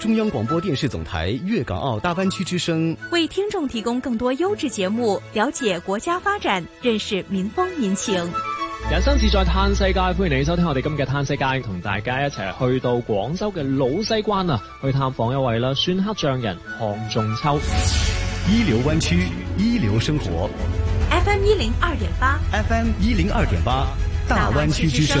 中央廣播電視總台粵港澳大灣區之聲，為聽眾提供更多優質節目，了解國家發展，認識民風民情。人生自在嘆世界，歡迎你收聽我哋今日嘅嘆世界，同大家一齊去到廣州嘅老西關啊，去探訪一位啦，孫黑匠人項仲秋。一流灣區，一流生活。FM 一零二點八，FM 一零二點八，大灣區之聲。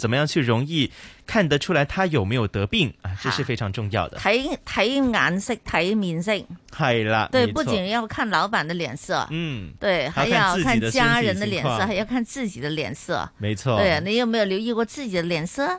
怎麼樣去容易看得出來他有沒有得病啊？這是非常重要的。睇睇眼色，睇面色。係啦，對，不僅要看老闆的臉色，嗯，對還，還要看家人的臉色，還要看自己的臉色。沒錯，對，你有沒有留意過自己的臉色？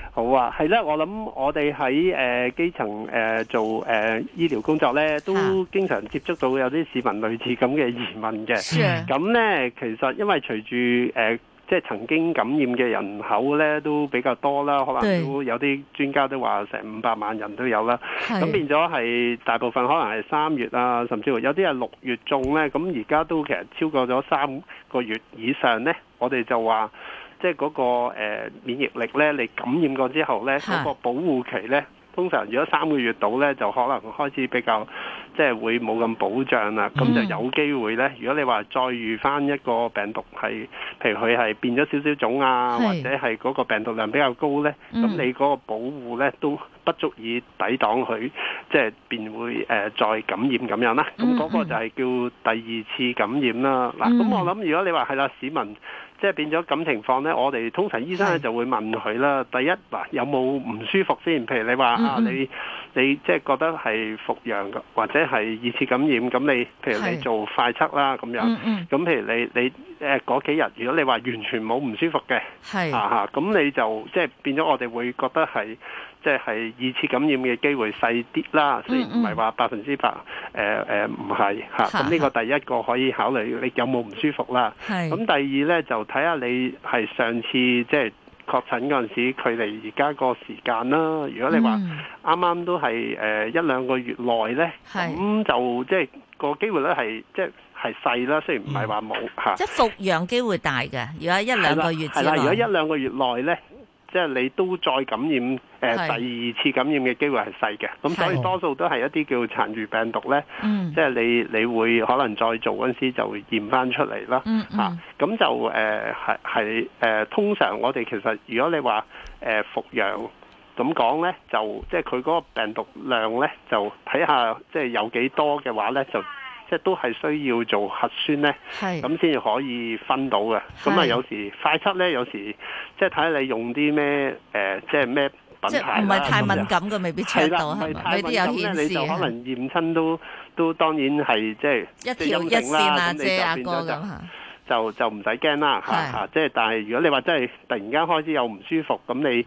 好啊，係啦，我諗我哋喺誒基層誒、呃、做誒、呃、醫療工作咧，都經常接觸到有啲市民類似咁嘅疑問嘅。咁、啊、咧，其實因為隨住誒、呃、即係曾經感染嘅人口咧都比較多啦，可能都有啲專家都話成五百萬人都有啦。咁變咗係大部分可能係三月啊，甚至乎有啲係六月中咧，咁而家都其實超過咗三個月以上咧，我哋就話。即係嗰、那個、呃、免疫力咧，你感染過之後咧，嗰、那個保護期咧，通常如果三個月到咧，就可能開始比較即係會冇咁保障啦。咁、嗯、就有機會咧。如果你話再遇翻一個病毒係，譬如佢係變咗少少種啊是，或者係嗰個病毒量比較高咧，咁、嗯、你嗰個保護咧都不足以抵擋佢，即係便會、呃、再感染咁樣啦。咁、嗯、嗰個就係叫第二次感染、嗯、啦。嗱，咁我諗如果你話係啦，市民。即係變咗咁情況呢，我哋通常醫生咧就會問佢啦。第一嗱，有冇唔舒服先？譬如你話、嗯嗯、啊，你你即係覺得係復陽或者係二次感染咁，你譬如你做快測啦咁樣。咁譬如你你誒嗰幾日，如果你話完全冇唔舒服嘅，啊咁你就即係變咗我哋會覺得係。即係二次感染嘅機會細啲啦，雖然唔係話百分之百，誒誒唔係嚇。咁、嗯、呢、呃呃啊這個第一個可以考慮你有冇唔舒服啦。咁、啊、第二呢，就睇下你係上次即係、就是、確診嗰陣時候，距離而家個時間啦。如果你話啱啱都係誒、呃、一兩個月內呢，咁、嗯、就即係、就是那個機會咧係即係細啦，雖然唔係話冇嚇。即係復陽機會大嘅，如果一兩個月之內。啦、啊啊，如果一兩個月內咧。即、就、係、是、你都再感染，誒第二次感染嘅機會係細嘅，咁所以多數都係一啲叫殘餘病毒咧。即、嗯、係、就是、你你會可能再做嗰陣時就會驗翻出嚟啦。嗯咁、嗯啊、就誒係係誒，通常我哋其實如果你話誒、呃、復陽，噉講咧？就即係佢嗰個病毒量咧，就睇下即係、就是、有幾多嘅話咧就。即係都係需要做核酸咧，咁先至可以分到嘅。咁啊，有時快測咧，有時即係睇下你用啲咩誒，即係咩品牌即唔係太敏感嘅，未必取到係咪啲有顯示咧，你就可能驗親都都，都當然係即係一條一線啊，遮啊姐姐哥咁，就就唔使驚啦嚇嚇。即係但係如果你話真係突然間開始又唔舒服，咁你。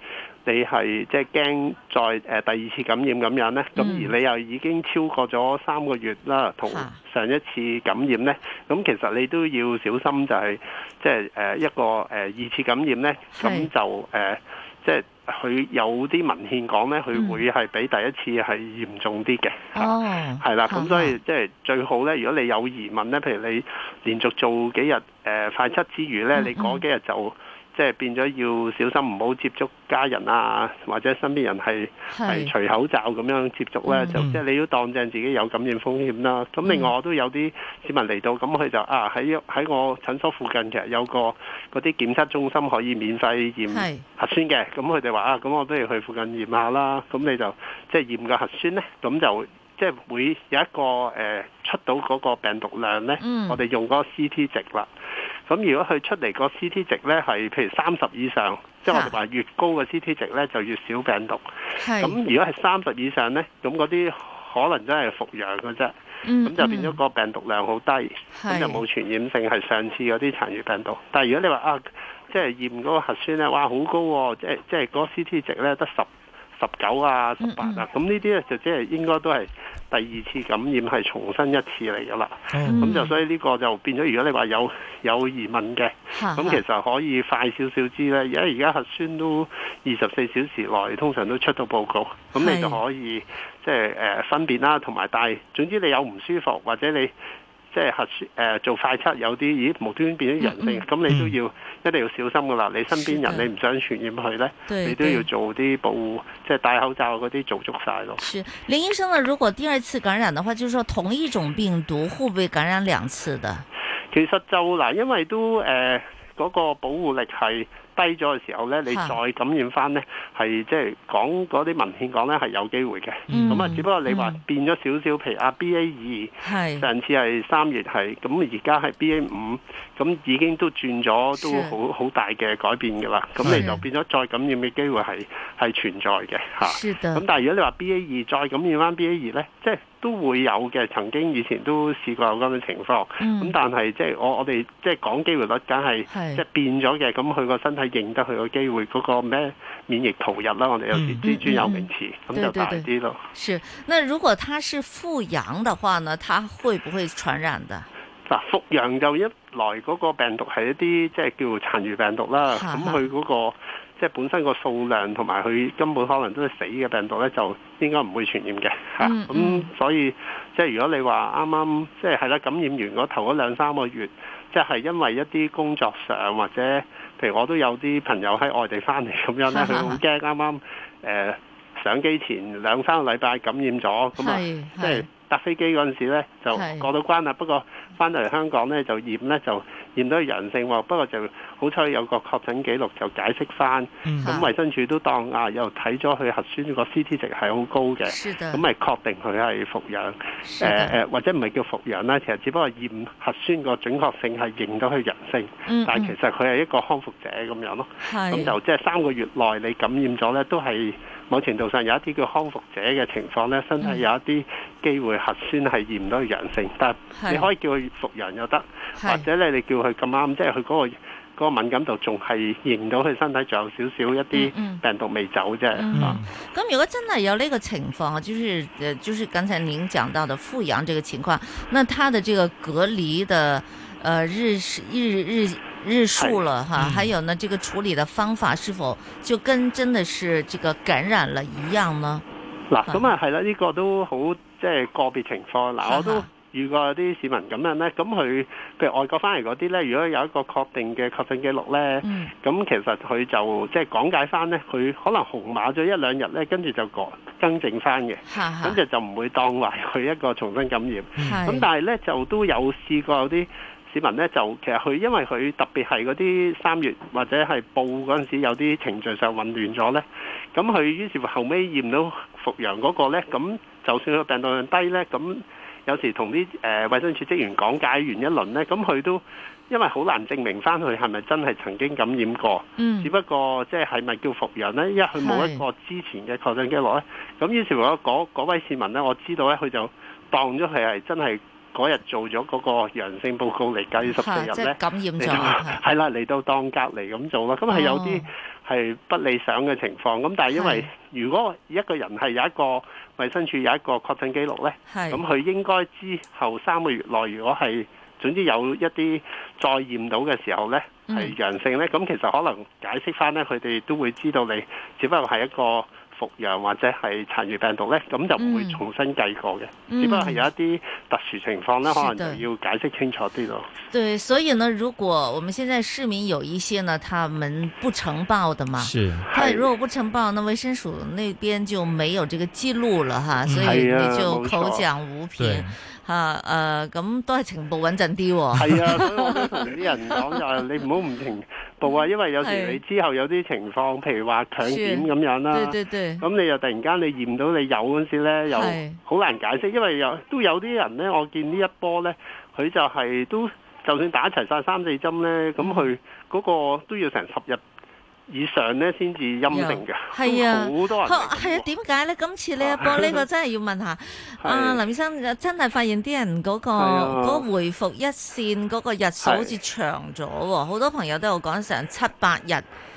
你係即係驚再誒、呃、第二次感染咁樣呢？咁、嗯、而你又已經超過咗三個月啦，同上一次感染呢？咁、啊、其實你都要小心、就係，就係即係誒一個誒、呃、二次感染呢。咁就誒即係佢有啲文獻講呢，佢會係比第一次係嚴重啲嘅，係、嗯、啦，咁、啊啊、所以即係、就係、最好呢，如果你有疑問呢，譬如你連續做幾日誒快測之餘呢，嗯、你嗰幾日就。即係變咗要小心，唔好接觸家人啊，或者身邊人係係除口罩咁樣接觸咧、嗯嗯，就即係、即係、你要當正自己有感染風險啦。咁另外我都有啲市民嚟到，咁佢就、嗯、啊喺喺我診所附近其實有個嗰啲檢測中心可以免費驗核酸嘅，咁佢哋話啊，咁我不如去附近驗下啦。咁你就即係、即係、驗個核酸咧，咁就即係、即係、會有一個誒、呃、出到嗰個病毒量咧、嗯，我哋用嗰個 CT 值啦。咁如果佢出嚟個 CT 值咧係譬如三十以上，即、啊、係我哋話越高嘅 CT 值咧就越少病毒。咁如果係三十以上咧，咁嗰啲可能真係復陽㗎啫。咁、嗯、就變咗個病毒量好低，咁就冇傳染性，係上次嗰啲殘餘病毒。但係如果你話啊，即、就、係、是、驗嗰個核酸咧，哇好高喎、啊，即係即係嗰個 CT 值咧得十。十九啊，十八啊，咁呢啲咧就即係應該都係第二次感染，係重新一次嚟噶啦。咁、嗯、就所以呢個就變咗，如果你話有有疑問嘅，咁其實可以快少少知呢。而家而家核酸都二十四小時內，通常都出到報告，咁你就可以即係、就是呃、分辨啦，同埋但係，總之你有唔舒服或者你。即係核酸做快測有啲咦無端端變咗陽性，咁、嗯、你都要、嗯、一定要小心㗎喇！你身邊人你唔想傳染佢咧，你都要做啲保護，即、就、係、是、戴口罩嗰啲做足晒咯。是林醫生咧，如果第二次感染嘅話，就是話同一種病毒會唔會感染兩次的？其實就嗱，因為都誒嗰、呃那個保護力係。低咗嘅時候呢，你再感染翻呢，係即係講嗰啲文獻講呢，係有機會嘅。咁、嗯、啊，只不過你話變咗少少譬如啊，B A 二，上次係三月係，咁而家係 B A 五，咁已經都轉咗，都好好大嘅改變噶啦。咁你就變咗再感染嘅機會係係存在嘅嚇。咁但係如果你話 B A 二再感染翻 B A 二呢，即係。都會有嘅，曾經以前都試過有咁嘅情況。咁、嗯、但係即係我我哋即係講機會率，梗係即係變咗嘅。咁佢個身體認得佢個機會，嗰、那個咩免疫逃逸啦，我哋有啲專、嗯嗯嗯、有名詞，咁就大啲咯。是，那如果他是復陽的話呢？他會不會傳染的？嗱，復陽就一來嗰個病毒係一啲即係叫殘餘病毒啦，咁佢嗰個。即係本身個數量同埋佢根本可能都係死嘅病毒咧，就應該唔會傳染嘅吓。咁、嗯啊、所以即係如果你話啱啱即係係啦，感染完嗰頭嗰兩三個月，即、就、係、是、因為一啲工作上或者譬如我都有啲朋友喺外地翻嚟咁樣咧，佢好驚啱啱誒上機前兩三個禮拜感染咗咁啊，即係搭飛機嗰陣時咧就過到關啦。不過翻嚟香港咧就驗咧就。驗到佢人性喎，不過就好彩有個確診記錄就解釋翻，咁、嗯、衞生署都當啊，又睇咗佢核酸個 CT 值係好高嘅，咁咪確定佢係復陽、呃，或者唔係叫復陽啦，其實只不過驗核酸個準確性係認到佢人性、嗯，但其實佢係一個康復者咁樣咯，咁就即係三個月內你感染咗咧都係。某程度上有一啲叫康復者嘅情況咧，身體有一啲機會核酸係驗到陽性，嗯、但係你可以叫佢復陽又得，或者咧你叫佢咁啱，即係佢嗰個嗰個敏感度仲係驗到佢身體仲有少少一啲病毒未走啫。咁、嗯嗯嗯、如果真係有呢個情況，就是誒，就是剛才您講到嘅復陽這個情況，那他的這個隔離的，呃日日日。日日日日數了哈，還有呢、嗯？這個處理的方法是否就跟真的是這個感染了一樣呢？嗱，咁啊係啦，呢、啊嗯嗯這個都好即係個別情況。嗱，我都遇過有啲市民咁樣咧，咁佢譬如外國翻嚟嗰啲咧，如果有一個確定嘅確診記錄咧，咁、嗯、其實佢就即係、就是、講解翻咧，佢可能紅碼咗一兩日咧，跟住，就改更正翻嘅，咁就就唔會當為佢一個重新感染。咁、嗯嗯、但係咧就都有試過有啲。市民咧就其實佢因為佢特別係嗰啲三月或者係報嗰陣時有啲程序上混亂咗咧，咁佢於是乎後尾驗到復陽嗰個咧，咁就算佢個病毒量低咧，咁有時同啲誒衞生署職員講解完一輪咧，咁佢都因為好難證明翻佢係咪真係曾經感染過，嗯，只不過即係係咪叫復陽咧？因為佢冇一個之前嘅確診記錄咧，咁於是乎嗰嗰位市民咧，我知道咧佢就當咗佢係真係。嗰日做咗嗰個陽性報告嚟計十四日咧，係啦，嚟到當隔離咁做啦。咁係有啲係不理想嘅情況。咁但係因為如果一個人係有一個衞生署有一個確診記錄咧，咁佢應該之後三個月內，如果係總之有一啲再驗到嘅時候咧係陽性咧，咁其實可能解釋返咧，佢哋都會知道你只不過係一個。復陽或者係殘餘病毒咧，咁就唔會重新計過嘅、嗯嗯，只不過係有一啲特殊情況咧，可能就要解釋清楚啲咯。對，所以呢，如果我們現在市民有一些呢，他們不呈報的嘛，是，佢如果不呈報，那衛生署那邊就沒有這個記錄了哈，所以你就口講無憑吓、啊、誒、咁、呃、都係情報穩陣啲。係啊，所以我都同啲人講就係，你唔好唔情報啊， 因為有時你之後有啲情況，譬如話強檢咁樣啦，咁你又突然間你驗到你有嗰時呢，又好難解釋，因為有都有啲人呢。我見呢一波呢，佢就係都就算打齊晒三四針呢，咁佢嗰個都要成十日。以上咧先至陰性嘅，係、yeah, 啊，好多人，係啊，點解咧？今次呢一波呢個真係要問一下 啊，啊，林醫生，真係發現啲人嗰、嗰個嗰、啊嗰個、回復一線嗰個日數好似長咗，好、啊、多朋友都有講成七八日。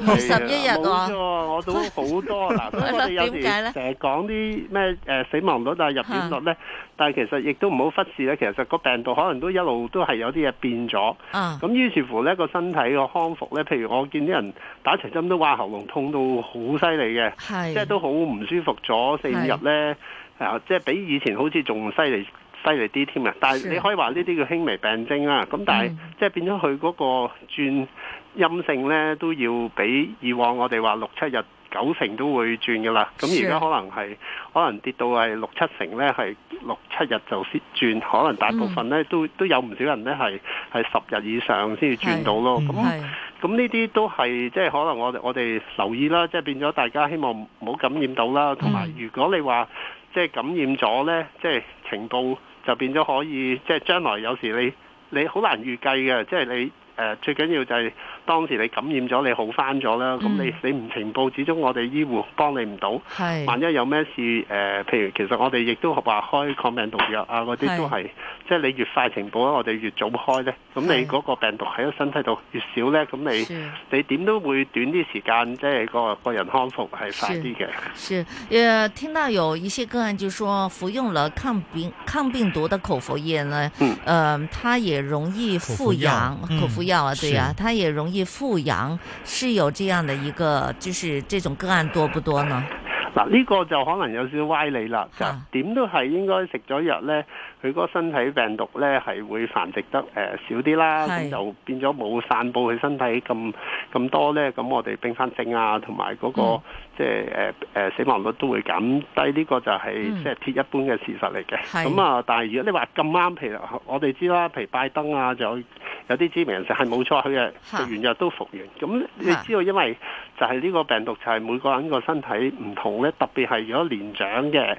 二、啊、十一日、啊、我都好多。嗱， 所以我哋有時成日講啲咩誒死亡率、但係入院率咧，但係其實亦都唔好忽視咧。其實個病毒可能都一路都係有啲嘢變咗。咁、嗯、於是乎咧個身體個康復咧，譬如我見啲人打齊針都話喉嚨痛到好犀利嘅，即係都好唔舒服咗四五日咧、呃。即係比以前好似仲犀利犀利啲添啊！但係你可以話呢啲叫輕微病徵啦。咁但係即係變咗佢嗰個轉陰性咧都要比以往我哋話六七日九成都會轉㗎啦，咁而家可能係可能跌到係六七成咧，係六七日就先轉，可能大部分咧都、mm. 都有唔少人咧係係十日以上先至轉到咯。咁咁呢啲都係即係可能我我哋留意啦，即係變咗大家希望唔好感染到啦。同、mm. 埋如果你話即係感染咗咧，即係情報就變咗可以，即係將來有時你你好難預計嘅，即係你誒、呃、最緊要就係。當時你感染咗，你好返咗啦。咁、嗯、你你唔呈報，始終我哋醫護幫你唔到。係，萬一有咩事誒、呃，譬如其實我哋亦都話開抗病毒藥啊，嗰啲都係，即係你越快呈報咧，我哋越早開咧。咁你嗰個病毒喺個身體度越少咧，咁你你點都會短啲時間，即係個個人康復係快啲嘅。是，誒、呃，聽到有一些個案就說服用了抗病抗病毒的口服液咧，嗯，誒、呃，它也容易復陽，口服藥、嗯、啊，對啊，它也容易。復陽是有這樣的一個，就是這種個案多不多呢？嗱，呢個就可能有少少歪理啦，點、啊、都係應該食咗藥咧。佢嗰個身體病毒咧係會繁殖得誒、呃、少啲啦，咁就變咗冇散佈佢身體咁咁多咧，咁我哋並翻症啊，同埋嗰個、嗯、即係誒誒死亡率都會減低，呢、這個就係、是嗯、即係鐵一般嘅事實嚟嘅。咁啊，但係如果你話咁啱，譬如我哋知啦，譬如拜登啊，仲有啲知名人士係冇錯，佢嘅食完藥都復陽。咁你知道因為就係呢個病毒就係每個人個身體唔同咧，特別係如果年長嘅，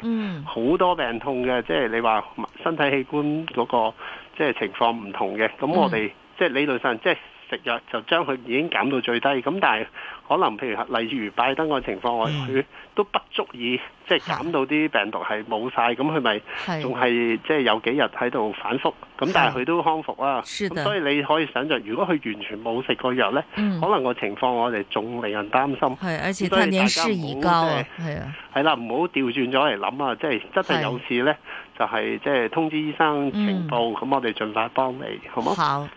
好、嗯、多病痛嘅，即係你話。身體器官嗰個即係情況唔同嘅，咁我哋即係理論上即係食藥就將佢已經減到最低。咁但係可能譬如例如拜登個情況，我佢都不足以即係減到啲病毒係冇曬。咁佢咪仲係即係有幾日喺度反覆。咁但係佢都康復啦。所以你可以想像，如果佢完全冇食過藥呢，可能個情況我哋仲令人擔心。係而且睇大家唔好即係係啦，唔好調轉咗嚟諗啊！即係真係有事呢。就係即係通知醫生情報，咁、嗯、我哋盡快幫你，好唔好？好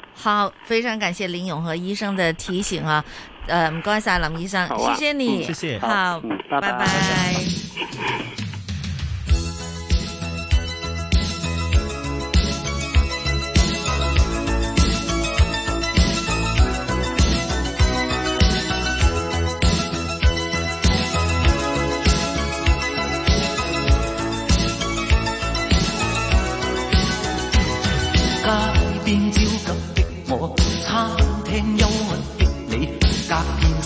好，非常感謝林永和醫生嘅提醒啊！誒、呃，唔該晒林醫生，啊、謝謝你、嗯，謝謝，好，好拜拜。拜拜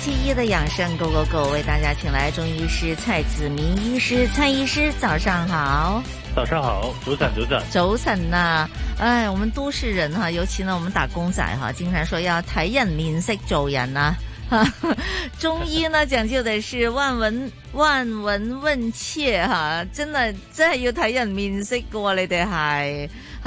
七一的養生，狗狗狗為大家請來中醫師蔡梓銘醫師。蔡醫師，早上好！早上好！早晨，早晨，早晨嗱、啊，哎，我們都市人哈，尤其呢，我們打工仔哈，經常說要睇人面色做人啊哈， 中醫呢講究的是望聞 望聞問切哈、啊，真的真係要睇人面色個、啊，你哋係。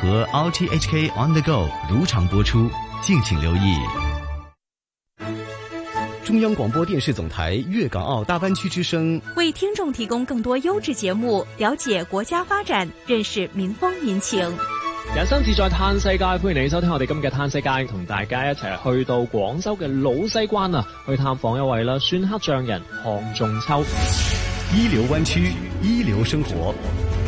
和 RTHK On The Go 如常播出，敬請留意。中央廣播電視總台粵港澳大灣區之聲為聽眾提供更多優質節目，了解國家發展，認識民風民情。人生自在歎世界歡迎你收聽我哋今日嘅歎世界，同大家一齊去到廣州嘅老西關啊，去探訪一位啦，孫黑匠人項仲秋。一流灣區，一流生活。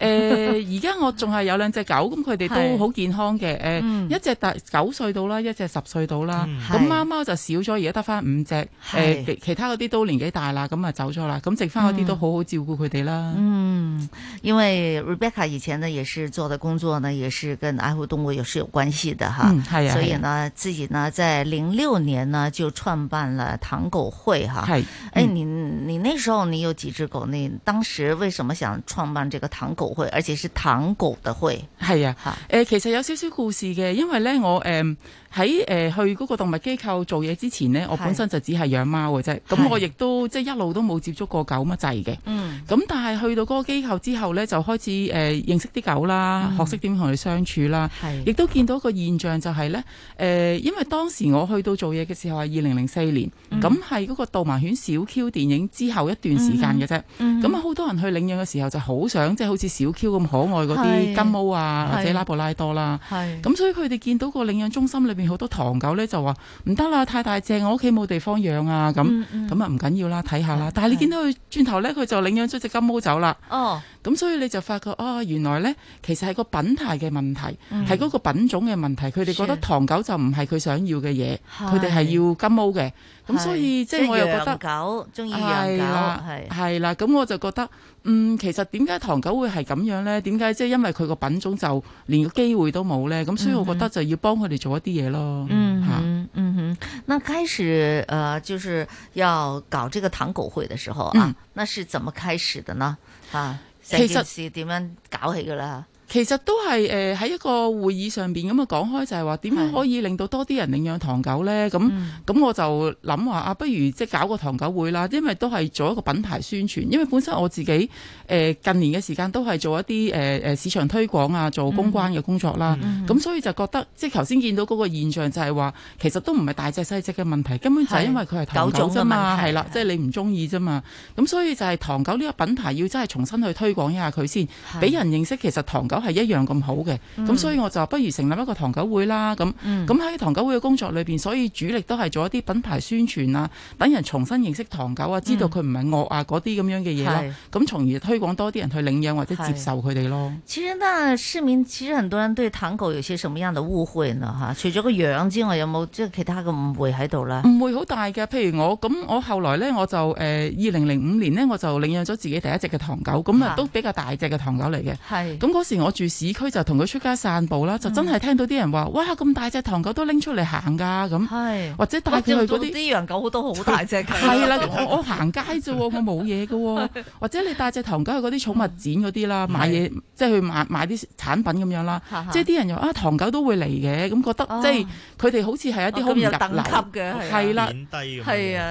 誒而家我仲係有兩隻狗，咁佢哋都好健康嘅、呃嗯。一隻大九歲到啦，一隻十歲到啦。咁、嗯、貓貓就少咗，而家得翻五隻、呃。其他嗰啲都年紀大啦，咁啊走咗啦。咁剩翻嗰啲都好好照顧佢哋啦。嗯，因為 Rebecca 以前呢也是做的工作呢，也是跟愛護動物有是有關係的哈。嗯、啊，所以呢、啊、自己呢在零六年呢就創辦了唐狗會哈。係、啊嗯，你你那時候你有幾隻狗？你當時為什麼想創辦這個唐狗？會，而且是唐狗的會，係啊，誒、啊呃，其實有少少故事嘅，因為呢我誒。呃喺誒、呃、去嗰個動物機構做嘢之前咧，我本身就只係養貓嘅啫，咁我亦都即係、就是、一路都冇接觸過狗乜滯嘅。嗯。咁但係去到嗰個機構之後咧，就開始誒、呃、認識啲狗啦，嗯、學識點同佢相處啦。係。亦都見到一個現象就係、是、咧，誒、呃、因為當時我去到做嘢嘅時候係二零零四年，咁係嗰個導盲犬小 Q 電影之後一段時間嘅啫。嗯。咁、嗯、啊，好多人去領養嘅時候就想、就是、好想即係好似小 Q 咁可愛嗰啲金毛啊，或者拉布拉多啦。係。咁所以佢哋見到個領養中心裏邊好多唐狗咧就話唔得啦，太大隻，我屋企冇地方養啊咁，咁啊唔緊要緊啦，睇下啦。但係你見到佢轉頭咧，佢就領養咗隻金毛走啦。哦，咁所以你就發覺啊、哦，原來咧其實係個品牌嘅問題，係、嗯、嗰個品種嘅問題。佢哋覺得唐狗就唔係佢想要嘅嘢，佢哋係要金毛嘅。咁所以即係我又覺得養狗，中意養狗係係啦。咁我就覺得，嗯，其實點解唐狗會係咁樣咧？點解即係因為佢個品種就連個機會都冇咧？咁所以我覺得就要幫佢哋做一啲嘢咯。嗯，嗯，嗯，嗯，哼、嗯嗯嗯嗯。那開始誒，就是要搞這個唐狗會嘅時候啊，嗯、那是怎麼開始嘅呢？啊，其實點樣搞起噶啦？其實都係誒喺一個會議上邊咁啊講開，就係話點樣可以令到多啲人領養唐狗呢？咁咁、嗯、我就諗話啊，不如即係搞個唐狗會啦，因為都係做一個品牌宣傳。因為本身我自己誒、呃、近年嘅時間都係做一啲誒、呃、市場推廣啊，做公關嘅工作啦。咁、嗯嗯嗯嗯、所以就覺得即係頭先見到嗰個現象就，就係話其實都唔係大隻細隻嘅問題，根本就係因為佢係唐狗啫嘛，係啦，即係、就是、你唔中意啫嘛。咁所以就係唐狗呢個品牌要真係重新去推廣一下佢先，俾人認識其實唐狗，都係一樣咁好嘅，咁、嗯、所以我就不如成立一個唐狗會啦。咁，咁喺唐狗會嘅工作裏邊，所以主力都係做一啲品牌宣傳啊，等人重新認識唐狗啊，嗯、知道佢唔係惡啊，嗰啲咁樣嘅嘢咯。咁從而推廣多啲人去領養或者接受佢哋咯。始終都係市民，始終很多人都對唐狗有些什麼樣嘅誤會啦吓、啊。除咗個樣之外，有冇即係其他嘅誤會喺度咧？誤會好大嘅。譬如我咁，我後來呢，我就誒，二零零五年呢，我就領養咗自己第一隻嘅唐狗，咁啊都比較大隻嘅唐狗嚟嘅。係。咁嗰時我。住市區就同佢出街散步啦，就真係聽到啲人話，哇，咁大隻唐狗都拎出嚟行噶咁，或者帶佢去嗰啲洋狗都好大隻嘅。係 啦，我行街啫，我冇嘢嘅。 或者你帶隻唐狗去嗰啲寵物展嗰啲啦，買嘢，即係去買買啲產品咁樣啦。即係啲人又啊，唐狗都會嚟嘅，咁覺得、哦哦哦、即係佢哋好似係一啲好唔入流，嘅係啦，品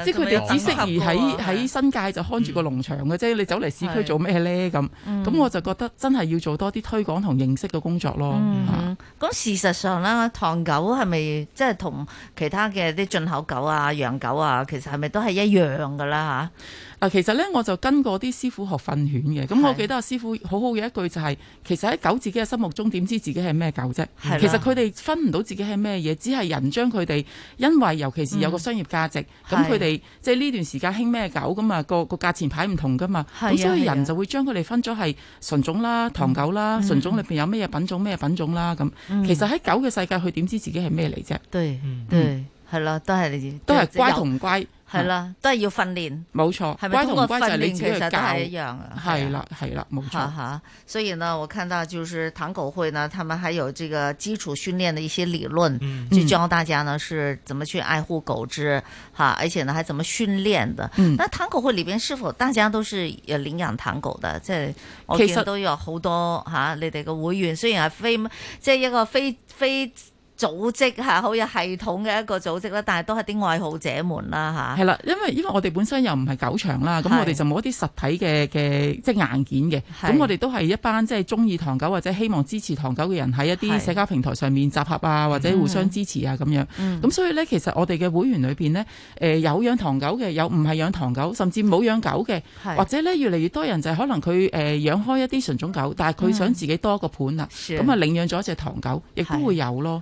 即係佢哋只適宜喺喺新界就看住個農場嘅啫、嗯，你走嚟市區做咩咧？咁咁、嗯、我就覺得真係要做多啲推。講同認識嘅工作咯，吓、嗯、咁、嗯、事實上啦，唐狗係咪即係同其他嘅啲進口狗啊、養狗啊，其實係咪都係一樣噶啦吓？嗱，其實咧，我就跟過啲師傅學訓犬嘅。咁我記得阿師傅好好嘅一句就係、是：其實喺狗自己嘅心目中，點知自己係咩狗啫？其實佢哋分唔到自己係咩嘢，只係人將佢哋因為尤其是有個商業價值，咁佢哋即係呢段時間興咩狗㗎嘛，個個價錢牌唔同噶嘛，咁所以人就會將佢哋分咗係純種啦、唐狗啦、嗯、純種裏面有咩嘢品種、咩嘢品種啦咁。嗯、其實喺狗嘅世界，佢點知自己係咩嚟啫？對，對，係、嗯、咯，都係都係乖同乖。係啦，都係要訓練。冇、嗯、錯，係咪同過訓練其實係一樣乖乖啊？係啦、啊，係啦、啊，冇錯吓。所以呢 我看到就是唐狗會呢，他們還有這個基礎訓練的一些理論、嗯，就教大家呢是怎麼去愛護狗隻、啊，而且呢還怎麼訓練的。嗯。那唐狗會裏邊是否大家都是有領養唐狗的？即係，其實都有好多吓、啊，你哋嘅會員雖然係非，即係一個非非。組織嚇好有系統嘅一個組織啦，但係都係啲愛好者們啦嚇。係、啊、啦，因為因為我哋本身又唔係狗場啦，咁我哋就冇一啲實體嘅嘅即係硬件嘅。咁我哋都係一班即係中意唐狗或者希望支持唐狗嘅人喺一啲社交平台上面集合啊，或者互相支持啊咁、嗯、樣。咁、嗯、所以呢，其實我哋嘅會員裏邊呢，誒、呃、有養唐狗嘅，有唔係養唐狗，甚至冇養狗嘅，或者呢，越嚟越多人就係可能佢誒、呃、養開一啲純種狗，但係佢想自己多個伴啦、啊，咁啊領養咗一隻唐狗，亦都會有咯。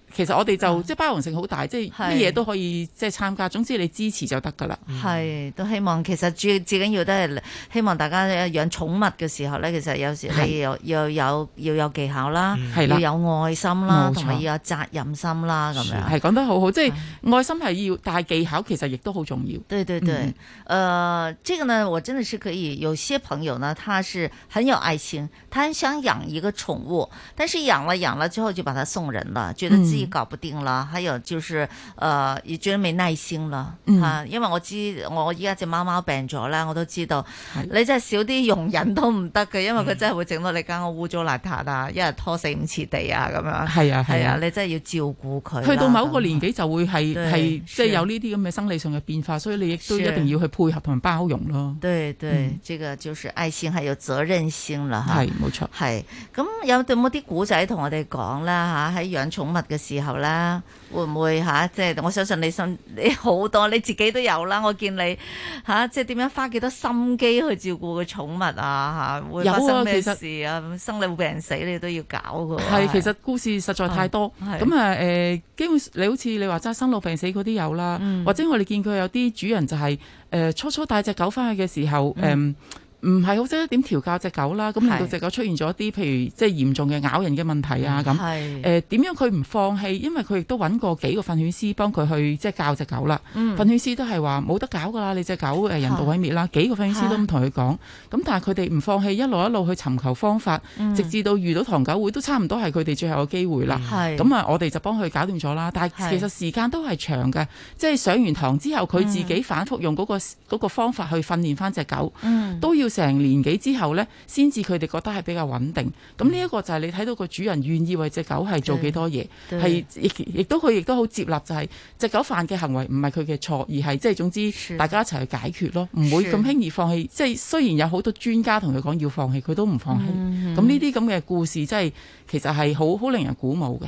其實我哋就即係、嗯、包容性好大，即係咩嘢都可以即係參加。總之你支持就得噶啦。係、嗯，都希望其實最最緊要都係希望大家養寵物嘅時候咧，其實有時係要有要有技巧啦、嗯，要有愛心啦，同埋要有責任心啦咁樣。係講得好好，即係、就是、愛心係要，但係技巧其實亦都好重要。對對對，對，誒、嗯呃，這個呢，我真的是可以。有些朋友呢，他是很有愛心，他很想養一個寵物，但是養了養了之後就把它送人了，覺得自己、嗯。搞不定了，還有就是，誒、呃，亦真係沒耐心了吓、嗯，因為我知我依家隻貓貓病咗咧，我都知道，你真係少啲容忍都唔得嘅，因為佢真係會整到你間屋污糟邋遢啊，一日拖四五次地啊，咁樣、啊，係啊係啊，你真係要照顧佢。去到某個年紀就會係係即係有呢啲咁嘅生理上嘅變化，所以你亦都一定要去配合同包容咯。對對，呢、嗯呢個就是愛心，還有責任心啦，係冇錯。係咁有冇啲古仔同我哋講啦？吓？喺養寵物嘅時。時候啦，會唔會吓、啊？即係我相信你信你好多，你自己都有啦。我見你吓、啊，即係點樣花幾多心機去照顧個寵物啊？吓，會發生咩事啊？生老病死你都要搞噶。係，其實故事實在太多。咁、嗯、啊，誒、呃，基本上你好似你話齋生老病死嗰啲有啦，或者我哋見佢有啲主人就係、是、誒、呃，初初帶隻狗翻去嘅時候，誒、嗯。唔係好識得點調教隻狗啦，咁令到隻狗出現咗啲，譬如即係嚴重嘅咬人嘅問題啊咁。誒點樣佢唔放棄？因為佢亦都揾過幾個訓練師幫佢去即係教隻狗啦、嗯。訓練師都係話冇得搞㗎啦，你隻狗誒人道毀滅啦。幾個訓練師都咁同佢講，咁但係佢哋唔放棄，一路一路去尋求方法，嗯、直至到遇到唐狗會都差唔多係佢哋最後嘅機會啦。咁啊，我哋就幫佢搞掂咗啦。但係其實時間都係長嘅，即係上完堂之後，佢自己反覆用嗰、嗰個嗯嗰個方法去訓練翻隻狗、嗯，都要。成年紀之後呢，先至佢哋覺得係比較穩定。咁呢一個就係你睇到個主人願意為隻狗係做幾多嘢，係亦亦都佢亦都好接納，就係、是、隻狗犯嘅行為唔係佢嘅錯，而係即係總之大家一齊去解決咯，唔會咁輕易放棄。即係、就是、雖然有好多專家同佢講要放棄，佢都唔放棄。咁呢啲咁嘅故事，真係其實係好好令人鼓舞嘅。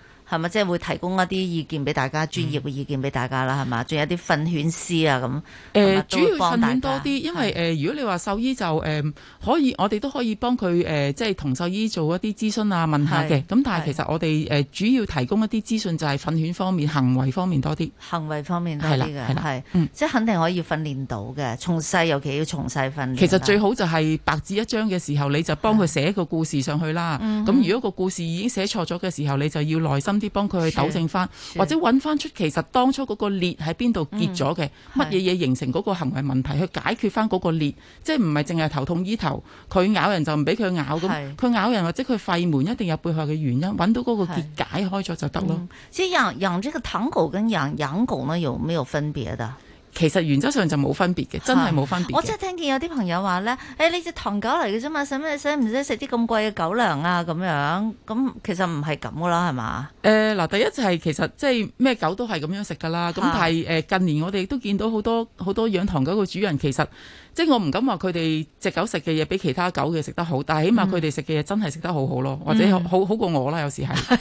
係咪即係會提供一啲意見俾大家，專業嘅意見俾大家啦，係、嗯、嘛？仲有啲訓犬師啊咁。誒、呃，主要訓犬多啲，因為誒、呃，如果你話獸醫就誒、呃、可以，我哋都可以幫佢誒、呃，即係同獸醫做一啲諮詢啊，問下嘅。咁但係其實我哋誒、呃、主要提供一啲資訊就係訓犬方面、行為方面多啲。行為方面多啲嘅，係、嗯、即係肯定可以訓練到嘅，從細尤其要從細訓練。其實最好就係白紙一張嘅時候，你就幫佢寫一個故事上去啦。咁、嗯、如果個故事已經寫錯咗嘅時候，你就要耐心。啲幫佢去糾正翻，或者揾翻出其實當初嗰個裂喺邊度結咗嘅，乜嘢嘢形成嗰個行為問題，去解決翻嗰個裂，即係唔係淨係頭痛醫頭，佢咬人就唔俾佢咬咁，佢咬人或者佢吠門一定有背後嘅原因，揾到嗰個結解開咗就得咯。養養、嗯、這個唐狗跟養養狗呢有沒有分別的？其實原則上就冇分別嘅，真係冇分別。真分別我真係聽見有啲朋友話呢，誒、欸、你隻糖狗嚟嘅啫嘛，使咩使唔使食啲咁貴嘅狗糧啊？咁樣咁其實唔係咁噶啦，係嘛？誒、呃、嗱，第一就係其實即係咩狗都係咁樣食噶啦。咁但係、呃、近年我哋都見到好多好多養糖狗嘅主人其實。即係我唔敢話佢哋隻狗食嘅嘢比其他狗嘅食得好，但係起碼佢哋食嘅嘢真係食得好好咯，嗯、或者好好，好過我啦。有時係，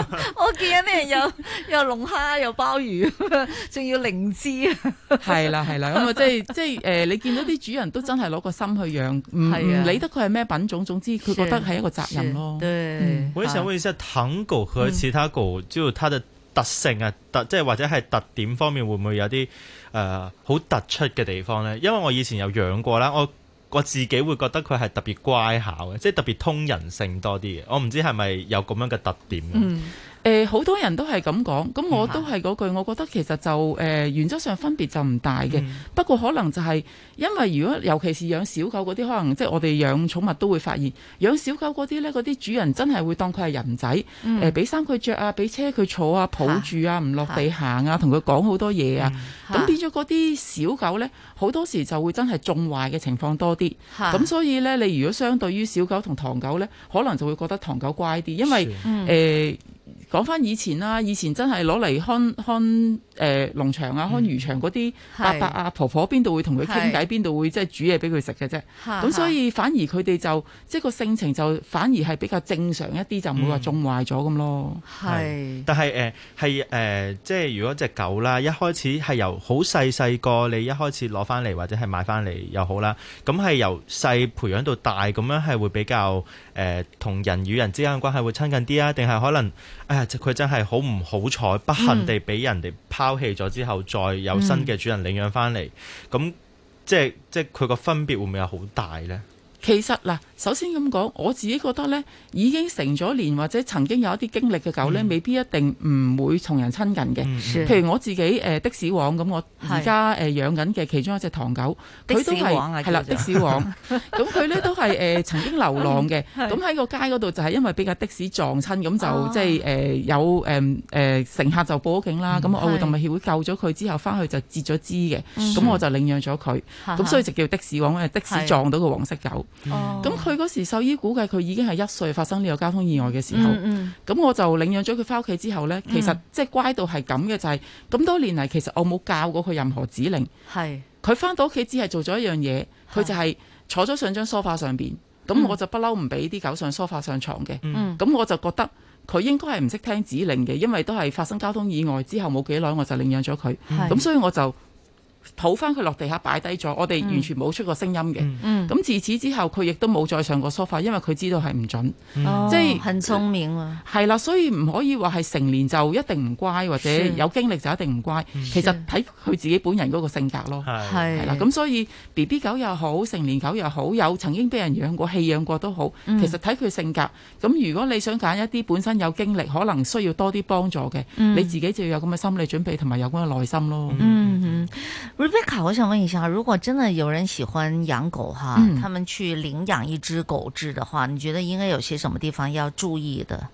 我見到人有咩有有龍蝦、有鮑魚，仲要靈芝啊！係 啦， 係啦，咁、嗯、啊，即係即係誒、呃，你見到啲主人都真係攞個心去養，唔唔理得佢係咩品種，總之佢覺得係一個責任咯。我亦想問一下，唐狗和其他狗要它嘅特性啊，特即係或者係特點方面，會唔會有啲？誒、呃，好突出嘅地方呢，因為我以前有養過啦，我我自己會覺得佢係特別乖巧嘅，即係特別通人性多啲嘅。我唔知係咪有咁樣嘅特點的。誒、嗯，好、呃、多人都係咁講，咁我都係嗰句，我覺得其實就誒、呃，原則上分別就唔大嘅、嗯。不過可能就係、是、因為如果尤其是養小狗嗰啲，可能即係我哋養寵物都會發現，養小狗嗰啲呢，嗰啲主人真係會當佢係人仔，誒、嗯，俾衫佢着啊，俾車佢坐啊，抱住啊，唔落地行啊，同佢講好多嘢啊。啊咁變咗嗰啲小狗呢，好多時就會真係縱壞嘅情況多啲。咁、啊、所以呢，你如果相對於小狗同唐狗呢，可能就會覺得唐狗乖啲，因為誒講返以前啦，以前真係攞嚟看看誒、呃、農場啊、看漁場嗰啲阿伯阿婆婆，邊度會同佢傾偈，邊度會即係煮嘢俾佢食嘅啫。咁、啊、所以反而佢哋就即係個性情就反而係比較正常一啲，就唔會話縱壞咗咁咯。係、嗯。但係誒係即係、呃、如果隻狗啦，一開始係由好細細個，你一開始攞翻嚟或者係買翻嚟又好啦，咁係由細培養到大，咁樣係會比較同、呃、人與人之間嘅關係會親近啲啊？定係可能、哎、呀佢真係好唔好彩，不幸地俾人哋拋棄咗之後，嗯、再有新嘅主人領養翻嚟，咁即係即係佢個分別會唔會好大呢？其實嗱，首先咁講，我自己覺得咧，已經成咗年或者曾經有一啲經歷嘅狗咧，未必一定唔會同人親近嘅、嗯。譬如我自己誒的士王咁，我而家誒養緊嘅其中一隻唐狗，佢都係啊，係啦，的士王。咁佢咧都係誒曾經流浪嘅，咁喺個街嗰度就係因為俾架的士撞親，咁、嗯、就即係誒有誒誒、呃、乘客就報警啦。咁我愛護動物協會救咗佢之後，翻去就截咗肢嘅，咁、嗯、我就領養咗佢。咁所以就叫的士王嘅的士撞到個黃色狗。哦、嗯，咁佢嗰時獸醫估計佢已經係一歲，發生呢個交通意外嘅時候，咁、嗯嗯、我就領養咗佢翻屋企之後呢、嗯，其實即係乖到係咁嘅就係、是、咁多年嚟，其實我冇教過佢任何指令，係佢翻到屋企只係做咗一樣嘢，佢就係坐咗上張梳化上邊，咁我就不嬲唔俾啲狗上梳化上床嘅，咁、嗯、我就覺得佢應該係唔識聽指令嘅，因為都係發生交通意外之後冇幾耐我就領養咗佢，咁所以我就。抱翻佢落地下擺低咗，我哋完全冇出過聲音嘅。咁、嗯、自此之後，佢亦都冇再上過梳化，因為佢知道係唔准。嗯、即係、哦、很聰明、啊。係啦，所以唔可以話係成年就一定唔乖，或者有經歷就一定唔乖。其實睇佢自己本人嗰個性格咯。係係啦，咁所以 B B 狗又好，成年狗又好，有曾經俾人養過、棄養過都好、嗯。其實睇佢性格。咁如果你想揀一啲本身有經歷，可能需要多啲幫助嘅、嗯，你自己就要有咁嘅心理準備，同埋有咁嘅耐心咯。嗯、嗯、嗯、嗯 Rebecca，我想問一下，如果真的有人喜歡養狗哈，嗯，他們去領養一隻狗隻的話，你覺得應該有些什麼地方要注意的？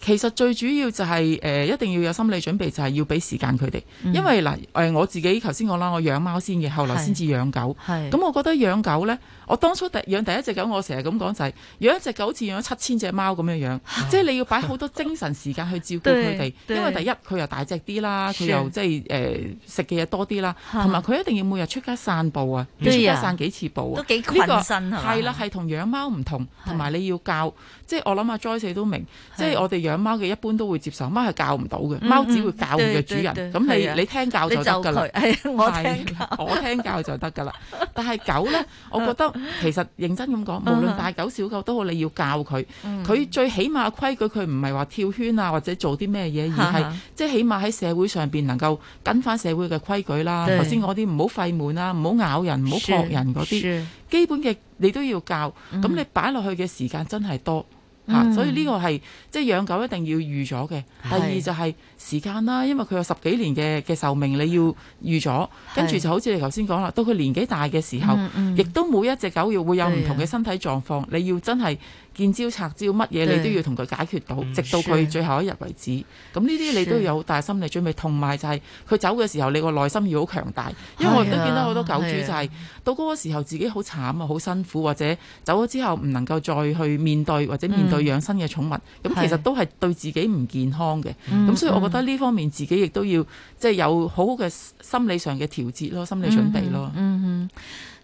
其實最主要就係、是、誒、呃，一定要有心理準備就是，就係要俾時間佢哋。因為嗱，誒、呃，我自己頭先講啦，我養貓先嘅，後來先至養狗。係咁，那我覺得養狗咧。我當初第養第一隻狗，我成日咁講就係養一隻狗好似養咗七千隻貓咁樣樣， 即係你要擺好多精神時間去照顧佢哋，因為第一佢又大隻啲啦，佢又即係食嘅嘢多啲啦，同埋佢一定要每日出街散步啊，嗯、出街散幾次步、嗯這個都這個、啊，呢個係啦，係同養貓唔同，同埋你要教，即係我諗阿 Joyce 都明，即係我哋養貓嘅一般都會接受，貓係教唔到嘅，貓只會教佢嘅主人，咁、嗯、你你聽教就得㗎啦， 我聽教 我聽教就得㗎啦，但係狗咧，我覺得。 其實認真咁講，無論大狗小狗，uh -huh. 都好，你要教佢。佢，uh -huh. 最起碼規矩，佢唔係話跳圈啊，或者做啲咩嘢，而係，uh -huh. 即係起碼喺社會上邊能夠跟翻社會嘅規矩啦。頭先嗰啲唔好吠門啊，唔好咬人，唔好撲人嗰啲，uh -huh. 基本嘅你都要教。咁你擺落去嘅時間真係多。吓，所以呢個係即係養狗一定要預咗嘅。第二就係時間啦，因為佢有十幾年嘅嘅壽命，你要預咗。跟住就好似你頭先講啦，到佢年紀大嘅時候，亦都每一隻狗要會有唔同嘅身體狀況，你要真係。見招拆招，乜嘢你都要同佢解決到，直到佢最後一日為止。咁呢啲你都要有大心理準備，同、嗯、埋就係佢走嘅時候，你個內心要好強大，啊、因為我都見到好多狗主就係、是啊、到嗰個時候自己好慘啊，好辛苦，或者走咗之後唔能夠再去面對或者面對養生嘅寵物，咁、嗯、其實都係對自己唔健康嘅。咁、啊、所以我覺得呢方面自己亦都要即係、就是、有好好嘅心理上嘅調節咯、啊，心理準備咯。嗯。